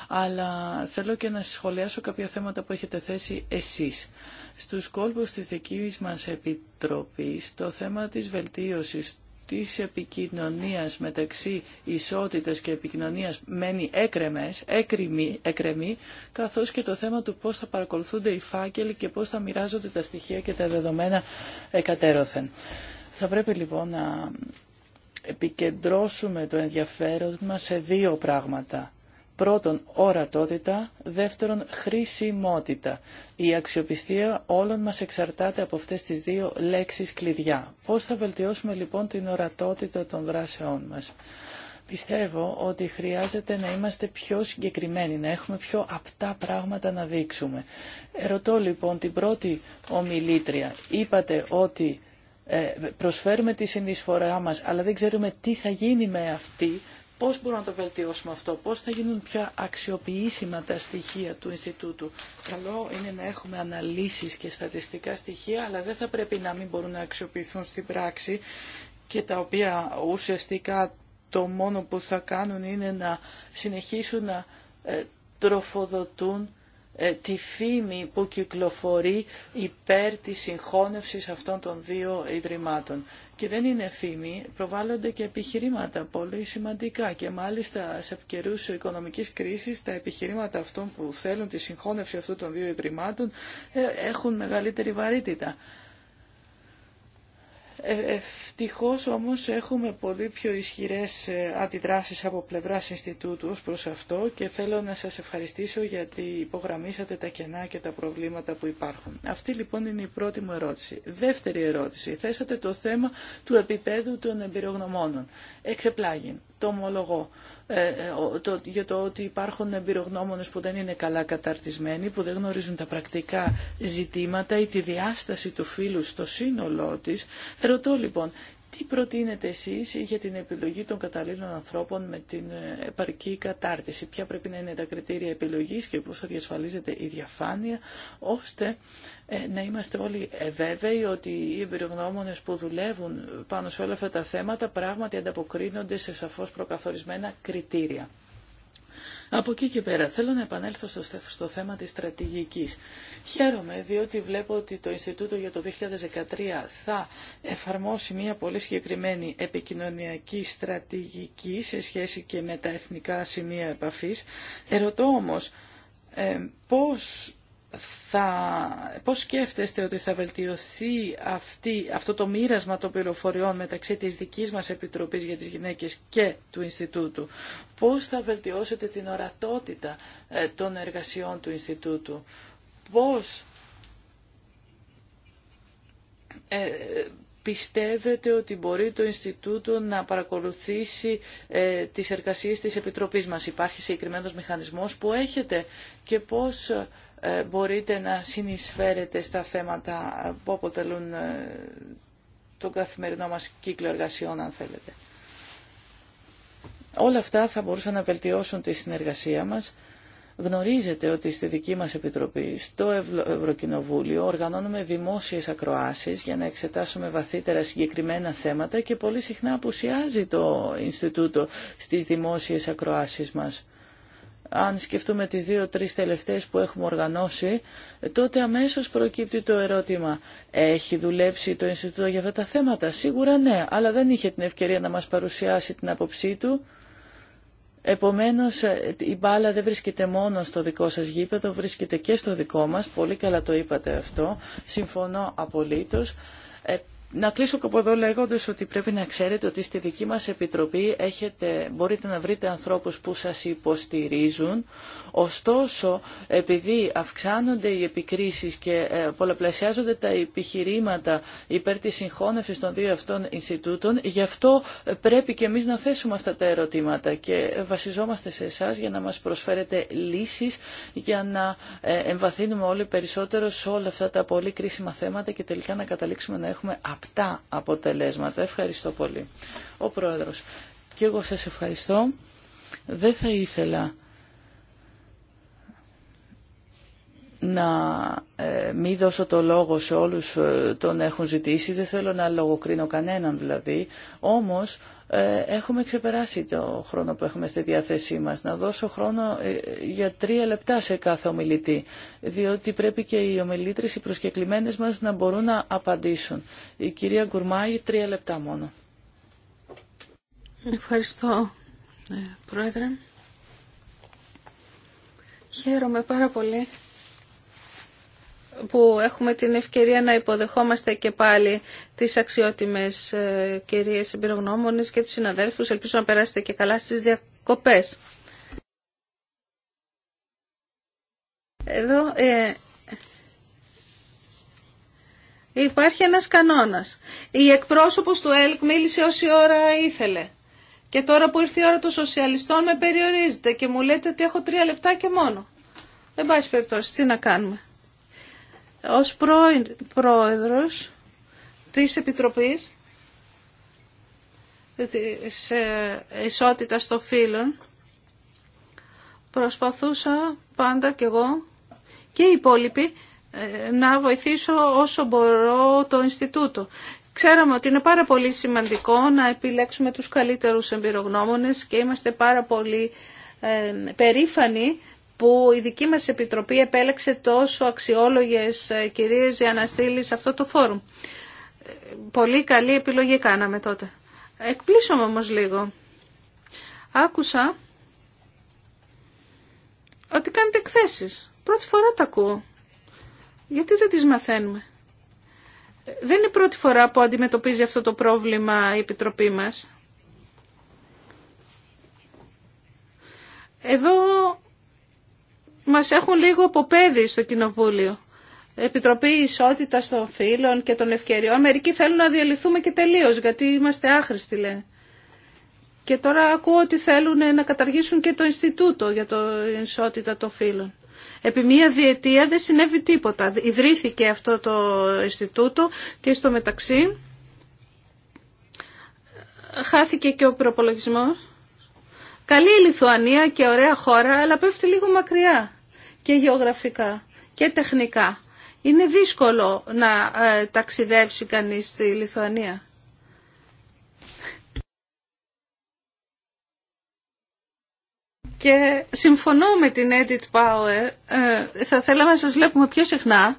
αλλά θέλω και να σχολιάσω κάποια θέματα που έχετε θέσει εσείς. Στους κόλπους της δικής μας Επιτροπής, το θέμα της βελτίωσης της επικοινωνίας μεταξύ ισότητας και επικοινωνίας μένει έκρεμες, έκρημη, έκρεμη, καθώς και το θέμα του πώς θα παρακολουθούνται οι φάκελοι και πώς θα μοιράζονται τα στοιχεία και τα δεδομένα εκατέρωθεν. Θα πρέπει λοιπόν να επικεντρώσουμε το ενδιαφέρον μας σε δύο πράγματα. Πρώτον, ορατότητα. Δεύτερον, χρησιμότητα. Η αξιοπιστία όλων μας εξαρτάται από αυτές τις δύο λέξεις κλειδιά. Πώς θα βελτιώσουμε λοιπόν την ορατότητα των δράσεών μας. Πιστεύω ότι χρειάζεται να είμαστε πιο συγκεκριμένοι, να έχουμε πιο απτά πράγματα να δείξουμε. Ερωτώ, λοιπόν την πρώτη ομιλήτρια. Είπατε ότι ε, προσφέρουμε τη συνεισφορά μας, αλλά δεν ξέρουμε τι θα γίνει με αυτή Πώς μπορούμε να το βελτιώσουμε αυτό, πώς θα γίνουν πιο αξιοποιήσιμα τα στοιχεία του Ινστιτούτου. Καλό είναι να έχουμε αναλύσεις και στατιστικά στοιχεία, αλλά δεν θα πρέπει να μην μπορούν να αξιοποιηθούν στην πράξη και τα οποία ουσιαστικά το μόνο που θα κάνουν είναι να συνεχίσουν να ε, τροφοδοτούν ε, τη φήμη που κυκλοφορεί υπέρ της συγχώνευσης αυτών των δύο ιδρυμάτων. Και δεν είναι φήμη, προβάλλονται και επιχειρήματα πολύ σημαντικά και μάλιστα σε καιρού οικονομικής κρίσης τα επιχειρήματα αυτών που θέλουν τη συγχώνευση αυτών των δύο ιδρυμάτων ε, έχουν μεγαλύτερη βαρύτητα. Ε, ευτυχώς όμως έχουμε πολύ πιο ισχυρές ε, αντιδράσεις από πλευράς Ινστιτούτου ω προς αυτό και θέλω να σας ευχαριστήσω γιατί υπογραμμίσατε τα κενά και τα προβλήματα που υπάρχουν. Αυτή λοιπόν είναι η πρώτη μου ερώτηση. Δεύτερη ερώτηση. Θέσατε το θέμα του επίπεδου των εμπειρογνωμόνων. Εξεπλάγει. Το ομολογώ. Ε, ε, το, για το ότι υπάρχουν εμπειρογνώμονες που δεν είναι καλά καταρτισμένοι, που δεν γνωρίζουν τα πρακτικά ζητήματα ή τη διάσταση του φύλου στο σύνολό της. Ρωτώ λοιπόν, τι προτείνετε εσείς για την επιλογή των καταλήλων ανθρώπων με την επαρκή κατάρτιση, ποια πρέπει να είναι τα κριτήρια επιλογής και πώς θα διασφαλίζεται η διαφάνεια, ώστε ε, να είμαστε όλοι βέβαιοι ότι οι εμπειρογνώμονες που δουλεύουν πάνω σε όλα αυτά τα θέματα πράγματι ανταποκρίνονται σε σαφώς προκαθορισμένα κριτήρια. Από εκεί και πέρα θέλω να επανέλθω στο, θέμα της στρατηγικής. Χαίρομαι διότι βλέπω ότι το Ινστιτούτο για το 2013 θα εφαρμόσει μια πολύ συγκεκριμένη επικοινωνιακή στρατηγική σε σχέση και με τα εθνικά σημεία επαφής. Ερωτώ όμως ε, πώς θα, πώς σκέφτεστε ότι θα βελτιωθεί αυτή, αυτό το μοίρασμα των πληροφοριών μεταξύ της δικής μας Επιτροπής για τις Γυναίκες και του Ινστιτούτου. Πώς θα βελτιώσετε την ορατότητα ε, των εργασιών του Ινστιτούτου. Πώς ε, πιστεύετε ότι μπορεί το Ινστιτούτο να παρακολουθήσει ε, τις εργασίες της Επιτροπής μας. Υπάρχει συγκεκριμένος μηχανισμός που έχετε και πώς ε, μπορείτε να συνεισφέρετε στα θέματα που αποτελούν ε, τον καθημερινό μας κύκλο εργασιών, αν θέλετε. Όλα αυτά θα μπορούσαν να βελτιώσουν τη συνεργασία μας. Γνωρίζετε ότι στη δική μας Επιτροπή, στο Ευρωκοινοβούλιο, οργανώνουμε δημόσιες ακροάσεις για να εξετάσουμε βαθύτερα συγκεκριμένα θέματα και πολύ συχνά απουσιάζει το Ινστιτούτο στις δημόσιες ακροάσεις μας αν σκεφτούμε τις δύο-τρεις τελευταίες που έχουμε οργανώσει, τότε αμέσως προκύπτει το ερώτημα «Έχει δουλέψει το Ινστιτούτο για αυτά τα θέματα» Σίγουρα ναι, αλλά δεν είχε την ευκαιρία να μας παρουσιάσει την άποψή του. Επομένως, η μπάλα δεν βρίσκεται μόνο στο δικό σας γήπεδο, βρίσκεται και στο δικό μας. Πολύ καλά το είπατε αυτό. Συμφωνώ απολύτως. Ε, να κλείσω από εδώ λέγοντα ότι πρέπει να ξέρετε ότι στη δική μα Επιτροπή έχετε, μπορείτε να βρείτε ανθρώπου που σα υποστηρίζουν. Ωστόσο, επειδή αυξάνονται οι επικρίσει και ε, πολλαπλασιάζονται τα επιχειρήματα υπέρ τη συγχώνευση των δύο αυτών Ινστιτούτων, γι' αυτό πρέπει και εμεί να θέσουμε αυτά τα ερωτήματα και βασιζόμαστε σε εσά για να μα προσφέρετε λύσει για να ε, εμβαθύνουμε όλοι περισσότερο σε όλα αυτά τα πολύ κρίσιμα θέματα και τελικά να καταλήξουμε να έχουμε απτά αποτελέσματα. Ευχαριστώ πολύ. Ο Πρόεδρος, και εγώ σας ευχαριστώ. Δεν θα ήθελα να ε, μην δώσω το λόγο σε όλους ε, τον έχουν ζητήσει, δεν θέλω να λογοκρίνω κανέναν δηλαδή, όμως ε, έχουμε ξεπεράσει το χρόνο που έχουμε στη διάθεσή μας. Να δώσω χρόνο ε, για τρία λεπτά σε κάθε ομιλητή, διότι πρέπει και οι ομιλήτρες, οι προσκεκλημένες μας να μπορούν να απαντήσουν. Η κυρία Γκουρμάη, τρία λεπτά μόνο. Ευχαριστώ, ε, Πρόεδρε. Χαίρομαι πάρα πολύ που έχουμε την ευκαιρία να υποδεχόμαστε και πάλι τις αξιότιμες ε, κυρίες εμπειρογνώμονες και τους συναδέλφους. Ελπίζω να περάσετε και καλά στις διακοπές. Εδώ ε, υπάρχει ένας κανόνας. Η εκπρόσωπος του ΕΛΚ μίλησε όση ώρα ήθελε. Και τώρα που ήρθε η ώρα των σοσιαλιστών με περιορίζετε και μου λέτε ότι έχω τρία λεπτά και μόνο. Δεν πάει περιπτώσει. Τι να κάνουμε ως πρόεδρος της Επιτροπής της ε, Ισότητας των Φύλων προσπαθούσα πάντα κι εγώ και οι υπόλοιποι ε, να βοηθήσω όσο μπορώ το Ινστιτούτο. Ξέραμε ότι είναι πάρα πολύ σημαντικό να επιλέξουμε τους καλύτερους εμπειρογνώμονες και είμαστε πάρα πολύ ε, περήφανοι που η δική μας Επιτροπή επέλεξε τόσο αξιόλογες ε, κυρίες για να στείλει σε αυτό το φόρουμ. Πολύ καλή επιλογή κάναμε τότε. Εκπλήσωμαι όμως λίγο. Άκουσα ότι κάνετε εκθέσεις. Πρώτη φορά τα ακούω. Γιατί δεν τις μαθαίνουμε. Δεν είναι η πρώτη φορά που αντιμετωπίζει αυτό το πρόβλημα η Επιτροπή μας. Εδώ μας έχουν λίγο αποπέδει στο Κοινοβούλιο. Επιτροπή ισότητα των φίλων και των Ευκαιριών. Μερικοί θέλουν να διαλυθούμε και τελείως, γιατί είμαστε άχρηστοι λένε. Και τώρα ακούω ότι θέλουν να καταργήσουν και το Ινστιτούτο για το Ισότητα των Φύλων. Επί μία διετία δεν συνέβη τίποτα. Ιδρύθηκε αυτό το Ινστιτούτο και στο μεταξύ χάθηκε και ο προπολογισμός Καλή η Λιθουανία και ωραία χώρα, αλλά πέφτει λίγο μακριά και γεωγραφικά και τεχνικά. Είναι δύσκολο να ε, ταξιδέψει κανείς στη Λιθουανία. Και συμφωνώ με την Edit Power, ε, θα θέλαμε να σας βλέπουμε πιο συχνά,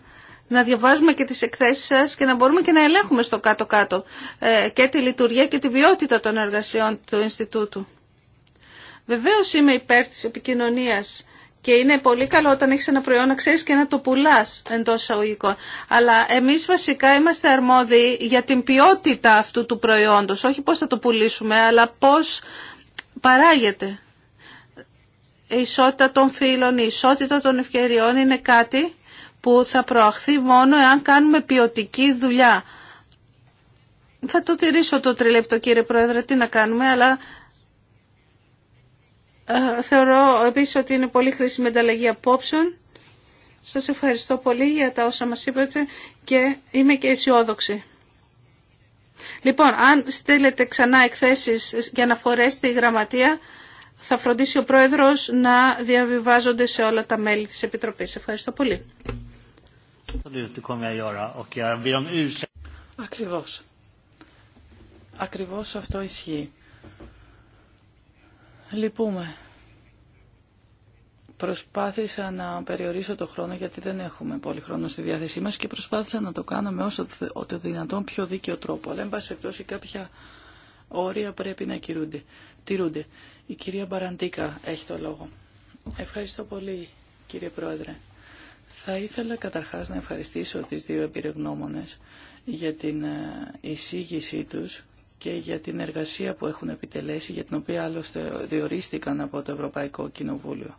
να διαβάζουμε και τις εκθέσεις σας και να μπορούμε και να ελέγχουμε στο κάτω-κάτω ε, και τη λειτουργία και τη ποιότητα των εργασιών του Ινστιτούτου. Βεβαίως είμαι υπέρ της επικοινωνίας και είναι πολύ καλό όταν έχεις ένα προϊόν να ξέρεις και να το πουλάς εντός εισαγωγικών. Αλλά εμείς βασικά είμαστε αρμόδιοι για την ποιότητα αυτού του προϊόντος. Όχι πώς θα το πουλήσουμε, αλλά πώς παράγεται. Η ισότητα των φύλων, η ισότητα των ευκαιριών είναι κάτι που θα προαχθεί μόνο εάν κάνουμε ποιοτική δουλειά. Θα το τηρήσω το τριλεπτό κύριε Πρόεδρε, τι να κάνουμε, αλλά ε, θεωρώ επίσης ότι είναι πολύ χρήσιμη ανταλλαγή απόψεων. Σας ευχαριστώ πολύ για τα όσα μας είπατε και είμαι και αισιόδοξη. Λοιπόν, αν στείλετε ξανά εκθέσεις για να φορέσετε η γραμματεία, θα φροντίσει ο Πρόεδρος να διαβιβάζονται σε όλα τα μέλη της Επιτροπής. Ευχαριστώ πολύ. Ακριβώς. Ακριβώς αυτό ισχύει. Λυπούμε. Προσπάθησα να περιορίσω το χρόνο γιατί δεν έχουμε πολύ χρόνο στη διάθεσή μας και προσπάθησα να το κάνω με όσο το δυνατόν πιο δίκαιο τρόπο. Αλλά εν πάση εκτός κάποια όρια πρέπει να κυρούνται, τηρούνται. Η κυρία Μπαραντίκα έχει το λόγο. Ευχαριστώ πολύ κύριε Πρόεδρε. Θα ήθελα καταρχάς να ευχαριστήσω τις δύο επιρρεγνώμονες για την ε, εισήγησή τους και για την εργασία που έχουν επιτελέσει, για την οποία άλλωστε διορίστηκαν από το Ευρωπαϊκό Κοινοβούλιο.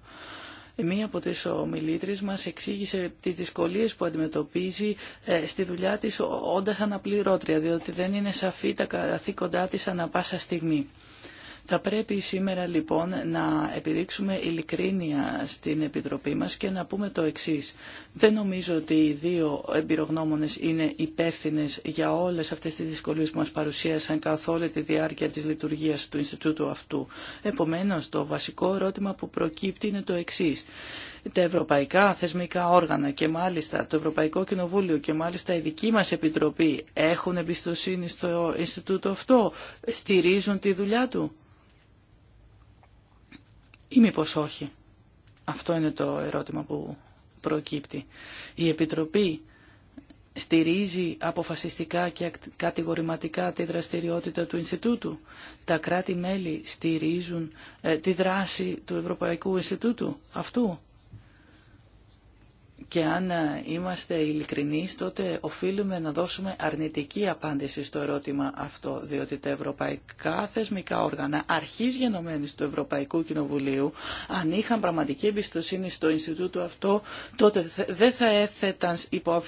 Μία από τις ομιλήτρες μας εξήγησε τις δυσκολίες που αντιμετωπίζει ε, στη δουλειά της όντας αναπληρώτρια, διότι δεν είναι σαφή τα καθήκοντά της ανα πάσα στιγμή. Θα πρέπει σήμερα λοιπόν να επιδείξουμε ειλικρίνεια στην Επιτροπή μας και να πούμε το εξής. Δεν νομίζω ότι οι δύο εμπειρογνώμονες είναι υπεύθυνε για όλες αυτές τις δυσκολίες που μας παρουσίασαν καθ' όλη τη διάρκεια της λειτουργίας του Ινστιτούτου αυτού. Επομένως, το βασικό ερώτημα που προκύπτει είναι το εξής τα ευρωπαϊκά θεσμικά όργανα και μάλιστα το Ευρωπαϊκό Κοινοβούλιο και μάλιστα η δική μας Επιτροπή έχουν εμπιστοσύνη στο Ινστιτούτο αυτό, στηρίζουν τη δουλειά του ή μήπως όχι. Αυτό είναι το ερώτημα που προκύπτει. Η Επιτροπή στηρίζει αποφασιστικά και κατηγορηματικά τη δραστηριότητα του Ινστιτούτου. Τα κράτη-μέλη στηρίζουν ε, τη δράση του Ευρωπαϊκού Ινστιτούτου αυτού. Και αν ε, είμαστε ειλικρινεί, τότε οφείλουμε να δώσουμε αρνητική απάντηση στο ερώτημα αυτό, διότι τα ευρωπαϊκά θεσμικά όργανα, αρχή γενομένη του Ευρωπαϊκού Κοινοβουλίου, αν είχαν πραγματική εμπιστοσύνη στο Ινστιτούτο αυτό, τότε δεν θα έθεταν υπό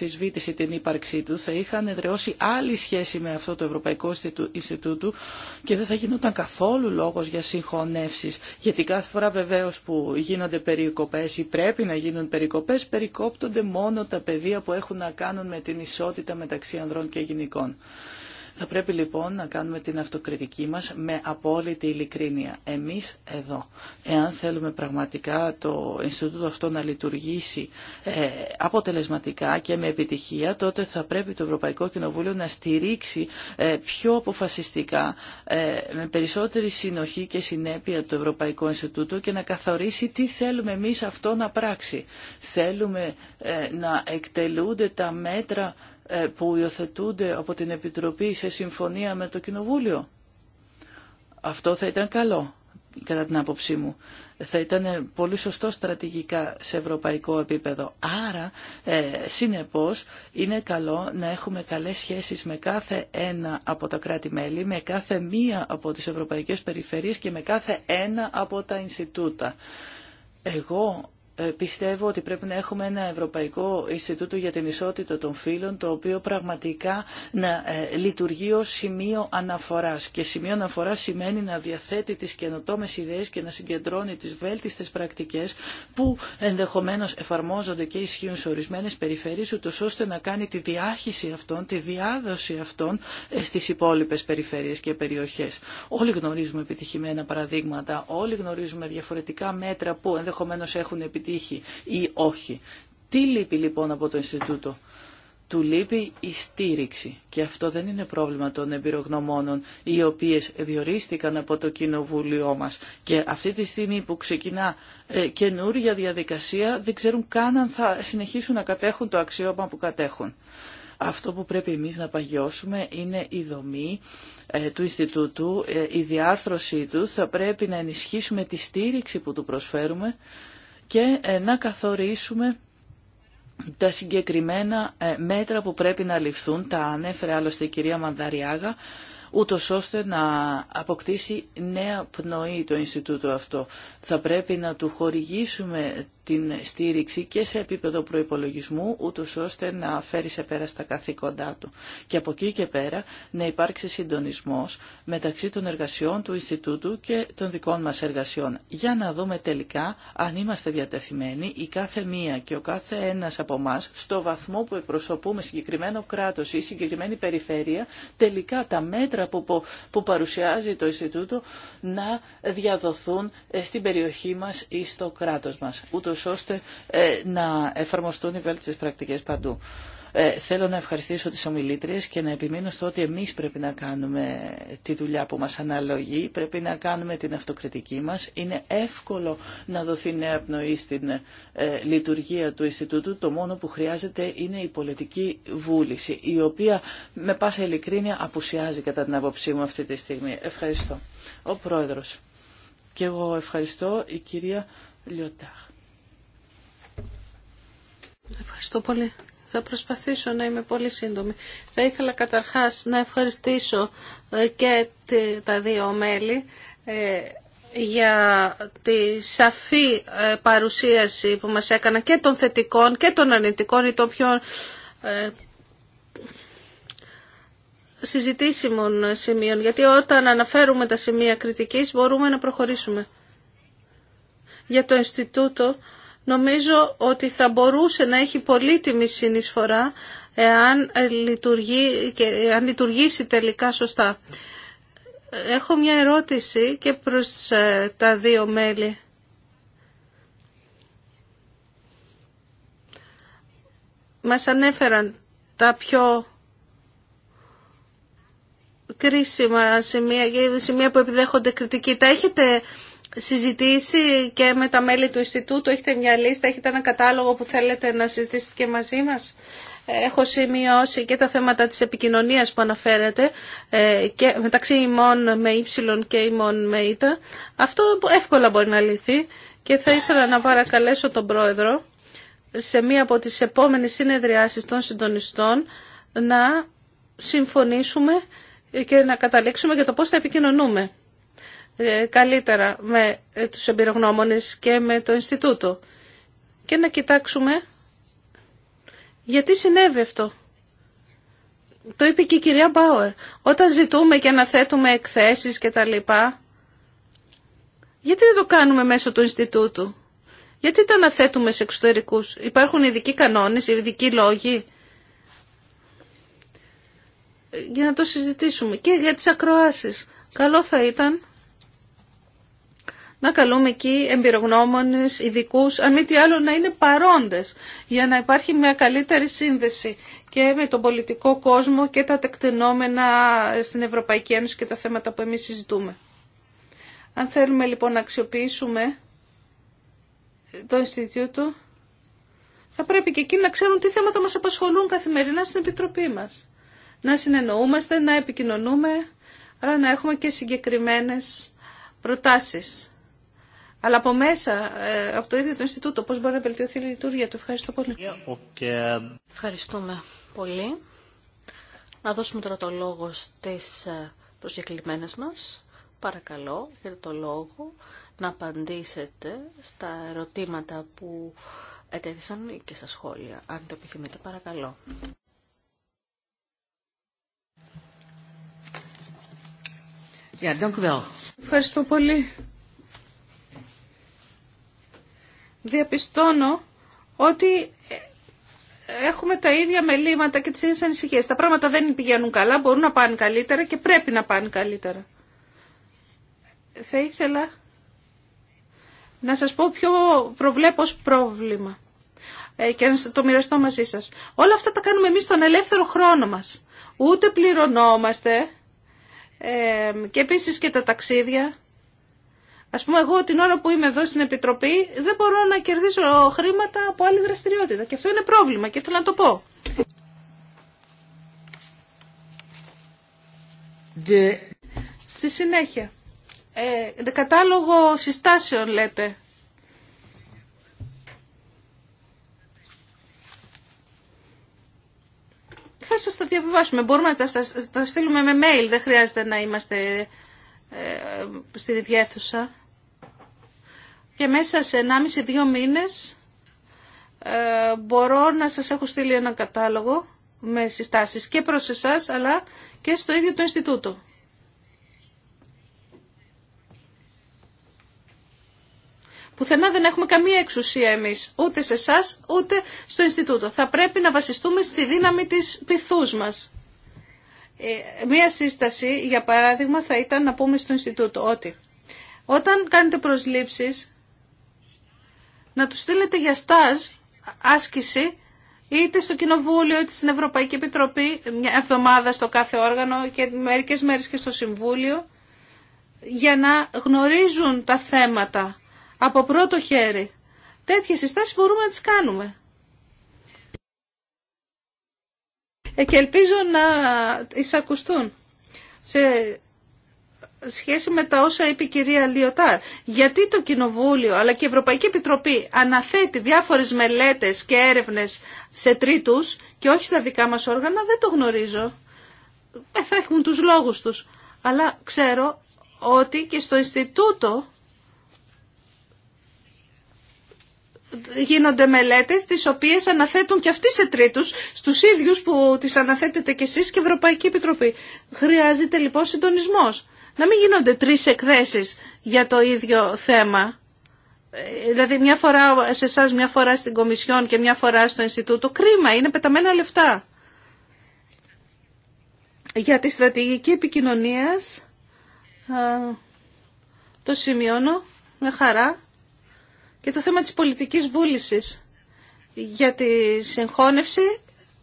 την ύπαρξή του, θα είχαν εδραιώσει άλλη σχέση με αυτό το Ευρωπαϊκό Ινστιτούτο και δεν θα γινόταν καθόλου λόγο για συγχωνεύσει. Γιατί κάθε φορά βεβαίω που γίνονται περικοπέ ή πρέπει να γίνουν περικοπέ, περικοπές καλύπτονται μόνο τα πεδία που έχουν να κάνουν με την ισότητα μεταξύ ανδρών και γυναικών. Θα πρέπει λοιπόν να κάνουμε την αυτοκριτική μας με απόλυτη ειλικρίνεια. Εμείς εδώ, εάν θέλουμε πραγματικά το Ινστιτούτο αυτό να λειτουργήσει ε, αποτελεσματικά και με επιτυχία, τότε θα πρέπει το Ευρωπαϊκό Κοινοβούλιο να στηρίξει ε, πιο αποφασιστικά, ε, με περισσότερη συνοχή και συνέπεια το Ευρωπαϊκό Ινστιτούτο και να καθορίσει τι θέλουμε εμείς αυτό να πράξει. Θέλουμε να εκτελούνται τα μέτρα ε, που υιοθετούνται από την Επιτροπή σε συμφωνία με το Κοινοβούλιο. Αυτό θα ήταν καλό, κατά την άποψή μου. Θα ήταν πολύ σωστό στρατηγικά σε ευρωπαϊκό επίπεδο. Άρα, ε, συνεπώς, είναι καλό να έχουμε καλές σχέσεις με κάθε ένα από τα κράτη-μέλη, με κάθε μία από τις ευρωπαϊκές περιφερειές και με κάθε ένα από τα Ινστιτούτα. Εγώ ε, πιστεύω ότι πρέπει να έχουμε ένα Ευρωπαϊκό Ινστιτούτο για την Ισότητα των Φύλων, το οποίο πραγματικά να ε, λειτουργεί ως σημείο αναφοράς. Και σημείο αναφοράς σημαίνει να διαθέτει τις καινοτόμες ιδέες και να συγκεντρώνει τις βέλτιστες πρακτικές που ενδεχομένως εφαρμόζονται και ισχύουν σε ορισμένες περιφέρειες, ούτω ώστε να κάνει τη διάχυση αυτών, τη διάδοση αυτών ε, στις υπόλοιπες περιφέρειες και περιοχές. Όλοι γνωρίζουμε επιτυχημένα παραδείγματα, όλοι γνωρίζουμε διαφορετικά μέτρα που ενδεχομένως έχουν επιτύχει ή όχι. Τι λείπει λοιπόν από το Ινστιτούτο. Του λείπει η στήριξη και αυτό δεν είναι πρόβλημα των εμπειρογνωμόνων οι οποίες διορίστηκαν από το κοινοβούλιο μας και αυτή τη στιγμή που ξεκινά ε, καινούρια διαδικασία δεν ξέρουν καν αν θα συνεχίσουν να κατέχουν το αξιώμα που κατέχουν. Αυτό που πρέπει εμείς να παγιώσουμε είναι η δομή ε, του Ινστιτούτου, ε, η διάρθρωσή του. Θα πρέπει να ενισχύσουμε τη στήριξη που του προσφέρουμε και ε, να καθορίσουμε τα συγκεκριμένα ε, μέτρα που πρέπει να ληφθούν, τα ανέφερε άλλωστε η κυρία Μανδαριάγα, ούτω ώστε να αποκτήσει νέα πνοή το Ινστιτούτο αυτό. Θα πρέπει να του χορηγήσουμε την στήριξη και σε επίπεδο προϋπολογισμού, ούτως ώστε να φέρει σε πέρα στα καθήκοντά του. Και από εκεί και πέρα να υπάρξει συντονισμός μεταξύ των εργασιών του Ινστιτούτου και των δικών μας εργασιών, για να δούμε τελικά αν είμαστε διατεθειμένοι η κάθε μία και ο κάθε ένας από εμά στο βαθμό που εκπροσωπούμε συγκεκριμένο κράτος ή συγκεκριμένη περιφέρεια, τελικά τα μέτρα που, παρουσιάζει το Ινστιτούτο να διαδοθούν ε, στην περιοχή μας ή στο κράτος μας ώστε ε, να εφαρμοστούν οι βέλτιστες πρακτικές παντού. Ε, θέλω να ευχαριστήσω τις ομιλήτριες και να επιμείνω στο ότι εμείς πρέπει να κάνουμε τη δουλειά που μας αναλογεί, πρέπει να κάνουμε την αυτοκριτική μας. Είναι εύκολο να δοθεί νέα πνοή στην ε, λειτουργία του Ινστιτούτου. Το μόνο που χρειάζεται είναι η πολιτική βούληση, η οποία με πάσα ειλικρίνεια απουσιάζει κατά την άποψή μου αυτή τη στιγμή. Ευχαριστώ. Ο Πρόεδρος. Και εγώ ευχαριστώ η κυρία Λιωτάχ. Ευχαριστώ πολύ. Θα προσπαθήσω να είμαι πολύ σύντομη. Θα ήθελα καταρχάς να ευχαριστήσω ε, και τα δύο μέλη ε, για τη σαφή ε, παρουσίαση που μας έκανα και των θετικών και των αρνητικών ή των πιο συζητήσιμων σημείων. Γιατί όταν αναφέρουμε τα σημεία κριτικής μπορούμε να προχωρήσουμε. Για το Ινστιτούτο νομίζω ότι θα μπορούσε να έχει πολύτιμη συνεισφορά εάν, λειτουργεί, και εάν λειτουργήσει τελικά σωστά. Έχω μια ερώτηση και προς ε, τα δύο μέλη. Μας ανέφεραν τα πιο κρίσιμα σημεία, σημεία που επιδέχονται κριτική. Τα έχετε συζητήσει και με τα μέλη του Ινστιτούτου. Έχετε μια λίστα, έχετε ένα κατάλογο που θέλετε να συζητήσετε και μαζί μας. Ε, έχω σημειώσει και τα θέματα της επικοινωνίας που αναφέρετε ε, και μεταξύ ημών με ύψιλον και ημών με ήτα. Αυτό εύκολα μπορεί να λυθεί και θα ήθελα να παρακαλέσω τον Πρόεδρο σε μία από τις επόμενες συνεδριάσεις των συντονιστών να συμφωνήσουμε και να καταλήξουμε για το πώς θα επικοινωνούμε. Ε, καλύτερα με ε, τους εμπειρογνώμονες και με το Ινστιτούτο και να κοιτάξουμε γιατί συνέβη αυτό. Το είπε και η κυρία Μπάουερ. Όταν ζητούμε και αναθέτουμε εκθέσεις και τα λοιπά, γιατί δεν το κάνουμε μέσω του Ινστιτούτου. Γιατί τα αναθέτουμε σε εξωτερικούς. Υπάρχουν ειδικοί κανόνες, ειδικοί λόγοι. Ε, για να το συζητήσουμε. Και για τις ακροάσεις. Καλό θα ήταν να καλούμε εκεί εμπειρογνώμονες, ειδικού, αν μη τι άλλο να είναι παρόντες για να υπάρχει μια καλύτερη σύνδεση και με τον πολιτικό κόσμο και τα τεκτενόμενα στην Ευρωπαϊκή Ένωση και τα θέματα που εμείς συζητούμε. Αν θέλουμε λοιπόν να αξιοποιήσουμε το Ινστιτούτο, θα πρέπει και εκείνοι να ξέρουν τι θέματα μας απασχολούν καθημερινά στην Επιτροπή μας. Να συνεννοούμαστε, να επικοινωνούμε, αλλά να έχουμε και συγκεκριμένες προτάσεις αλλά από μέσα, ε, από το ίδιο το Ινστιτούτο, πώς μπορεί να βελτιωθεί η λειτουργία του. Ευχαριστώ πολύ. Ευχαριστούμε πολύ. Να δώσουμε τώρα το λόγο στις ε, προσκεκλημένες μας. Παρακαλώ, για το λόγο να απαντήσετε στα ερωτήματα που ετέθησαν και στα σχόλια, αν το επιθυμείτε. Παρακαλώ. Ευχαριστώ πολύ. διαπιστώνω ότι έχουμε τα ίδια μελήματα και τις ίδιες ανησυχίες. Τα πράγματα δεν πηγαίνουν καλά, μπορούν να πάνε καλύτερα και πρέπει να πάνε καλύτερα. Θα ήθελα να σας πω ποιο προβλέπω ως πρόβλημα ε, και να το μοιραστώ μαζί σας. Όλα αυτά τα κάνουμε εμείς στον ελεύθερο χρόνο μας. Ούτε πληρωνόμαστε ε, και επίσης και τα ταξίδια Ας πούμε εγώ την ώρα που είμαι εδώ στην Επιτροπή δεν μπορώ να κερδίσω χρήματα από άλλη δραστηριότητα και αυτό είναι πρόβλημα και θέλω να το πω. Στη συνέχεια, ε, κατάλογο συστάσεων λέτε. Θα σας τα διαβιβάσουμε, μπορούμε να τα, σας, στείλουμε με mail, δεν χρειάζεται να είμαστε ε, ε στη διέθουσα και μέσα σε 1,5-2 μήνες ε, μπορώ να σας έχω στείλει ένα κατάλογο με συστάσεις και προς εσάς αλλά και στο ίδιο το Ινστιτούτο. Πουθενά δεν έχουμε καμία εξουσία εμείς, ούτε σε εσά ούτε στο Ινστιτούτο. Θα πρέπει να βασιστούμε στη δύναμη της πυθούς μας. Ε, μία σύσταση, για παράδειγμα, θα ήταν να πούμε στο Ινστιτούτο ότι όταν κάνετε προσλήψεις να τους στείλετε για στάζ, άσκηση, είτε στο Κοινοβούλιο, είτε στην Ευρωπαϊκή Επιτροπή, μια εβδομάδα στο κάθε όργανο και μερικές μέρες και στο Συμβούλιο, για να γνωρίζουν τα θέματα από πρώτο χέρι. Τέτοιες συστάσεις μπορούμε να τις κάνουμε. Ε, και ελπίζω να εισακουστούν σε σχέση με τα όσα είπε η κυρία Λιωτάρ. Γιατί το Κοινοβούλιο αλλά και η Ευρωπαϊκή Επιτροπή αναθέτει διάφορες μελέτες και έρευνες σε τρίτους και όχι στα δικά μας όργανα, δεν το γνωρίζω. Ε, θα έχουν τους λόγους τους. Αλλά ξέρω ότι και στο Ινστιτούτο γίνονται μελέτες τις οποίες αναθέτουν και αυτοί σε τρίτους στους ίδιους που τις αναθέτετε και εσείς και η Ευρωπαϊκή Επιτροπή. Χρειάζεται λοιπόν συντονισμός να μην γίνονται τρεις εκθέσεις για το ίδιο θέμα. Ε, δηλαδή μια φορά σε εσά, μια φορά στην Κομισιόν και μια φορά στο Ινστιτούτο. Κρίμα, είναι πεταμένα λεφτά. Για τη στρατηγική επικοινωνίας, ε, το σημειώνω με χαρά. Και το θέμα της πολιτικής βούλησης για τη συγχώνευση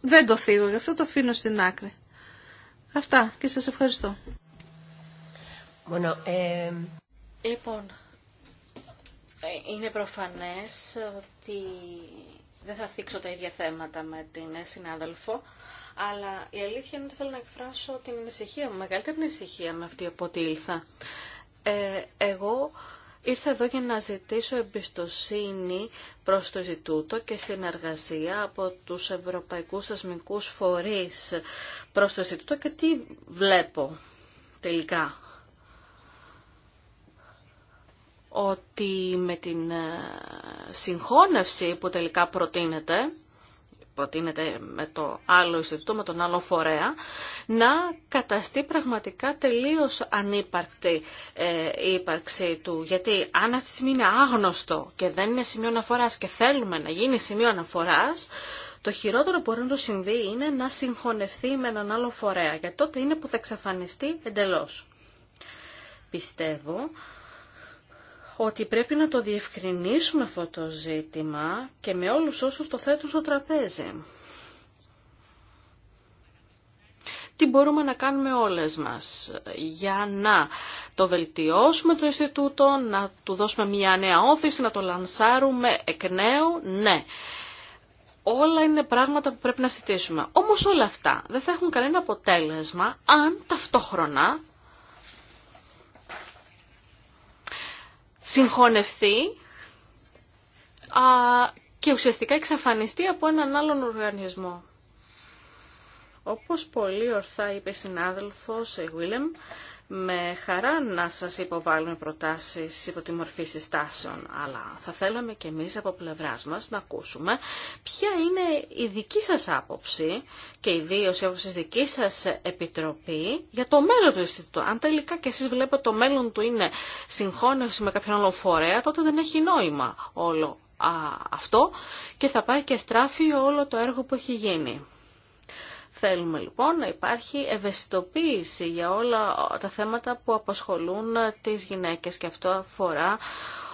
δεν το θίγω, γι' αυτό το αφήνω στην άκρη. Αυτά και σας ευχαριστώ. Bueno, eh, Λοιπόν, ε, είναι προφανές ότι δεν θα θίξω τα ίδια θέματα με την συνάδελφο, αλλά η αλήθεια είναι ότι θέλω να εκφράσω την ανησυχία μου, μεγαλύτερη ανησυχία με αυτή από ό,τι ήλθα. Ε, εγώ ήρθα εδώ για να ζητήσω εμπιστοσύνη προς το Ινστιτούτο και συνεργασία από τους ευρωπαϊκούς ασμικούς φορείς προς το Ινστιτούτο και τι βλέπω τελικά ότι με την ε, συγχώνευση που τελικά προτείνεται, προτείνεται με το άλλο Ινστιτούτο, με τον άλλο φορέα, να καταστεί πραγματικά τελείως ανύπαρκτη ε, η ύπαρξή του. Γιατί αν αυτή τη στιγμή είναι άγνωστο και δεν είναι σημείο αναφοράς και θέλουμε να γίνει σημείο αναφοράς, το χειρότερο που μπορεί να του συμβεί είναι να συγχωνευτεί με έναν άλλο φορέα, γιατί τότε είναι που θα εξαφανιστεί εντελώς. Πιστεύω ότι πρέπει να το διευκρινίσουμε αυτό το ζήτημα και με όλους όσους το θέτουν στο τραπέζι. Τι μπορούμε να κάνουμε όλες μας για να το βελτιώσουμε το Ινστιτούτο, να του δώσουμε μια νέα όθηση, να το λανσάρουμε εκ νέου, ναι. Όλα είναι πράγματα που πρέπει να συζητήσουμε. Όμως όλα αυτά δεν θα έχουν κανένα αποτέλεσμα αν ταυτόχρονα συγχωνευτεί α, και ουσιαστικά εξαφανιστεί από έναν άλλον οργανισμό. Όπως πολύ ορθά είπε συνάδελφος Βίλεμ, με χαρά να σας υποβάλουμε προτάσεις υπό τη μορφή συστάσεων, αλλά θα θέλαμε και εμείς από πλευράς μας να ακούσουμε ποια είναι η δική σας άποψη και ιδίως η άποψη της δικής σας επιτροπή για το μέλλον του Ινστιτούτου. Αν τελικά και εσείς βλέπετε το μέλλον του είναι συγχώνευση με κάποιον άλλο φορέα, τότε δεν έχει νόημα όλο αυτό και θα πάει και στράφει όλο το έργο που έχει γίνει. Θέλουμε λοιπόν να υπάρχει ευαισθητοποίηση για όλα τα θέματα που απασχολούν τις γυναίκες και αυτό αφορά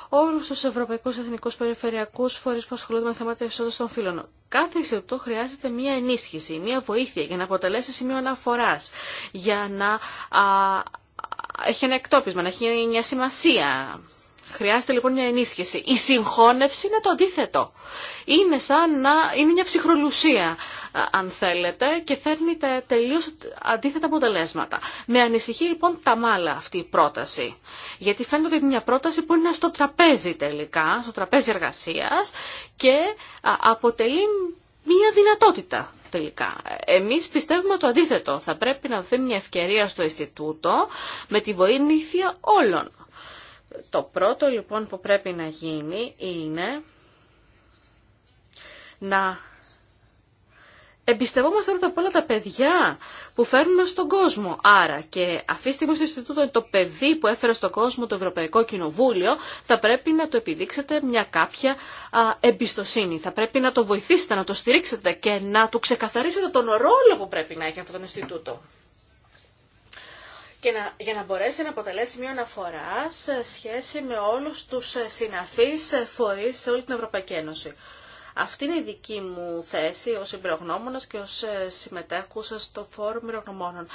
όλους τους ευρωπαϊκούς εθνικούς περιφερειακούς φορείς που ασχολούνται με θέματα ισότητας των φύλων. Κάθε Ινστιτούτο χρειάζεται μία ενίσχυση, μία βοήθεια για να αποτελέσει σημείο αναφοράς, για να α, έχει ένα εκτόπισμα, να έχει μια σημασία, Χρειάζεται λοιπόν μια ενίσχυση. Η συγχώνευση είναι το αντίθετο. Είναι σαν να είναι μια ψυχρολουσία, ε, αν θέλετε, και φέρνει τα τελείως αντίθετα αποτελέσματα. Με ανησυχεί λοιπόν τα μάλα αυτή η πρόταση. Γιατί φαίνεται ότι είναι μια πρόταση που είναι στο τραπέζι τελικά, στο τραπέζι εργασίας και αποτελεί μια δυνατότητα τελικά. Εμείς πιστεύουμε το αντίθετο. Θα πρέπει να δοθεί μια ευκαιρία στο Ινστιτούτο με τη βοήθεια όλων. Το πρώτο λοιπόν που πρέπει να γίνει είναι να εμπιστευόμαστε πρώτα απ' όλα τα παιδιά που φέρνουμε στον κόσμο. Άρα και αφήστε τη στιγμή στο Ινστιτούτο το παιδί που έφερε στον κόσμο το Ευρωπαϊκό Κοινοβούλιο θα πρέπει να το επιδείξετε μια κάποια α, εμπιστοσύνη. Θα πρέπει να το βοηθήσετε, να το στηρίξετε και να του ξεκαθαρίσετε τον ρόλο που πρέπει να έχει αυτό το Ινστιτούτο και για να μπορέσει να αποτελέσει μια αναφορά σε σχέση με όλους τους συναφείς φορείς σε όλη την Ευρωπαϊκή Ένωση. Αυτή είναι η δική μου θέση ως εμπειρογνώμονας και ως ε, συμμετέχουσα στο φόρουμ εμπειρογνωμόνων.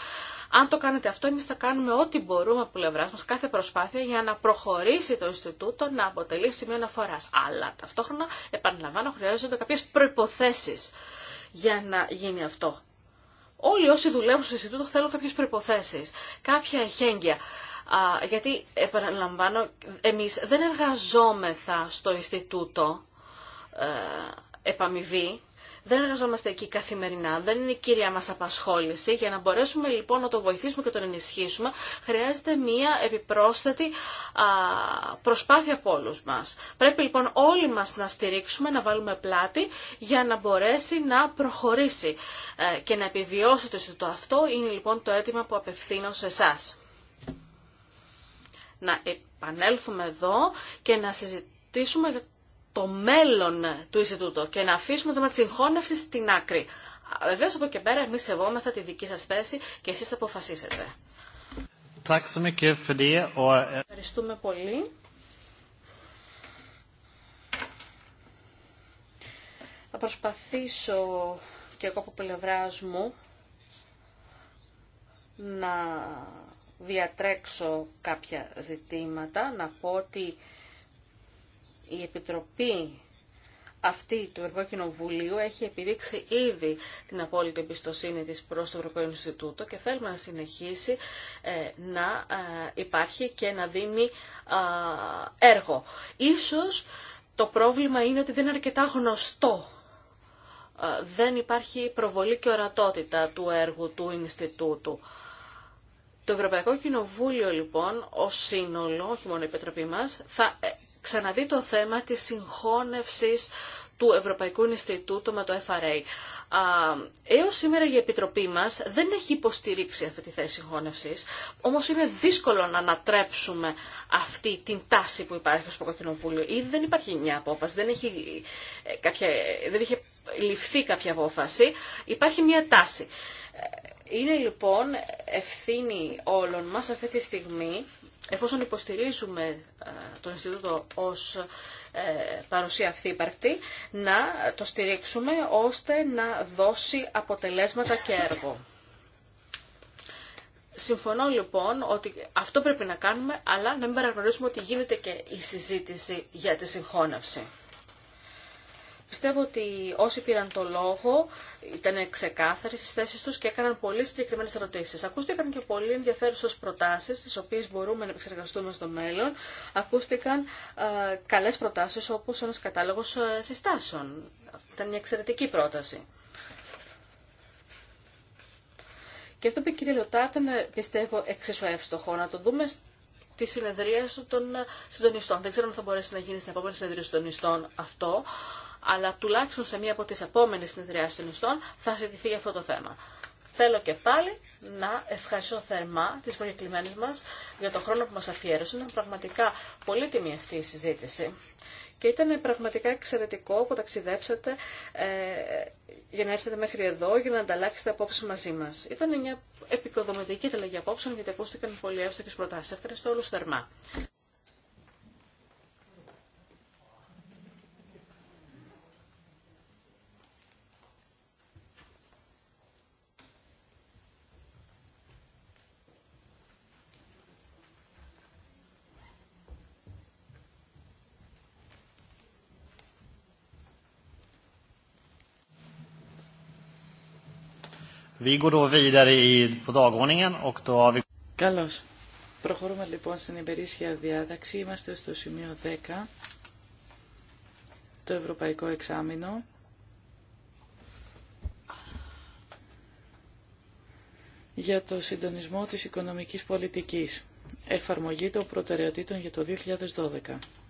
Αν το κάνετε αυτό, εμείς θα κάνουμε ό,τι μπορούμε από πλευράς μας, κάθε προσπάθεια για να προχωρήσει το Ινστιτούτο να αποτελεί σημείο αναφοράς. Αλλά ταυτόχρονα, επαναλαμβάνω, χρειάζονται κάποιες προϋποθέσεις για να γίνει αυτό όλοι όσοι δουλεύουν στο Ινστιτούτο θέλουν κάποιε προποθέσει, κάποια εχέγγυα. γιατί, επαναλαμβάνω, εμείς δεν εργαζόμεθα στο Ινστιτούτο ε, επαμοιβή, δεν εργαζόμαστε εκεί καθημερινά, δεν είναι η κυρία μας απασχόληση. Για να μπορέσουμε λοιπόν να το βοηθήσουμε και τον ενισχύσουμε, χρειάζεται μία επιπρόσθετη προσπάθεια από όλους μας. Πρέπει λοιπόν όλοι μας να στηρίξουμε, να βάλουμε πλάτη για να μπορέσει να προχωρήσει ε, και να επιβιώσει το αυτό. Είναι λοιπόν το αίτημα που απευθύνω σε εσά. Να επανέλθουμε εδώ και να συζητήσουμε το μέλλον του Ινστιτούτου και να αφήσουμε το θέμα στην άκρη. Βεβαίω από εκεί πέρα εμεί σεβόμεθα τη δική σα θέση και εσεί θα αποφασίσετε. Eh, Ευχαριστούμε πολύ. Θα προσπαθήσω και εγώ από πλευρά μου να διατρέξω κάποια ζητήματα, να πω ότι η Επιτροπή αυτή του Ευρωπαϊκού Κοινοβουλίου έχει επιδείξει ήδη την απόλυτη εμπιστοσύνη της προς το Ευρωπαϊκό Ινστιτούτο και θέλουμε να συνεχίσει ε, να ε, υπάρχει και να δίνει έργο. Ίσως το πρόβλημα είναι ότι δεν είναι αρκετά γνωστό. Ε, δεν υπάρχει προβολή και ορατότητα του έργου του Ινστιτούτου. Το Ευρωπαϊκό Κοινοβούλιο λοιπόν, ως σύνολο, όχι μόνο η Επιτροπή μας, θα ξαναδεί το θέμα της συγχώνευσης του Ευρωπαϊκού Ινστιτούτου με το FRA. Α, έως σήμερα η Επιτροπή μας δεν έχει υποστηρίξει αυτή τη θέση συγχώνευσης, όμως είναι δύσκολο να ανατρέψουμε αυτή την τάση που υπάρχει στο Παγκοκοινοβούλιο. Ήδη δεν υπάρχει μια απόφαση, δεν, έχει, ε, κάποια, δεν είχε ληφθεί κάποια απόφαση, υπάρχει μια τάση. Ε, είναι λοιπόν ευθύνη όλων μας αυτή τη στιγμή εφόσον υποστηρίζουμε ε, το Ινστιτούτο ως ε, παρουσία αυθύπαρκτη, να το στηρίξουμε ώστε να δώσει αποτελέσματα και έργο. Συμφωνώ λοιπόν ότι αυτό πρέπει να κάνουμε, αλλά να μην παραγνωρίσουμε ότι γίνεται και η συζήτηση για τη συγχώνευση. Πιστεύω ότι όσοι πήραν το λόγο ήταν ξεκάθαροι στι θέσει του και έκαναν πολύ συγκεκριμένε ερωτήσει. Ακούστηκαν και πολύ ενδιαφέρουσε προτάσει τι οποίε μπορούμε να επεξεργαστούμε στο μέλλον. Ακούστηκαν ε, προτάσει όπω ένα κατάλογο κατάλογος συστάσεων. Ήταν μια εξαιρετική πρόταση. Και αυτό που είπε η κυρία Λωτά ήταν, πιστεύω, εξίσου εύστοχο να το δούμε τη συνεδρία των συντονιστών. Δεν ξέρω αν θα μπορέσει να γίνει στην επόμενη συνεδρία των συντονιστών αυτό, αλλά τουλάχιστον σε μία από τις επόμενες συνεδριάσεις των ιστών θα συζητηθεί για αυτό το θέμα. Θέλω και πάλι να ευχαριστώ θερμά τις προκεκλημένες μας για τον χρόνο που μας αφιέρωσαν. Ήταν πραγματικά πολύτιμη αυτή η συζήτηση. Και ήταν πραγματικά εξαιρετικό που ταξιδέψατε ε, για να έρθετε μέχρι εδώ, για να ανταλλάξετε απόψεις μαζί μας. Ήταν μια επικοδομητική τελεγή απόψεων, γιατί ακούστηκαν πολύ εύστοκες προτάσεις. Ευχαριστώ όλους θερμά. Καλώς. Προχωρούμε λοιπόν στην υπερήσια διάταξη. Είμαστε στο σημείο 10, το Ευρωπαϊκό Εξάμεινο. για το συντονισμό της οικονομικής πολιτικής. Εφαρμογή των προτεραιοτήτων για το 2012.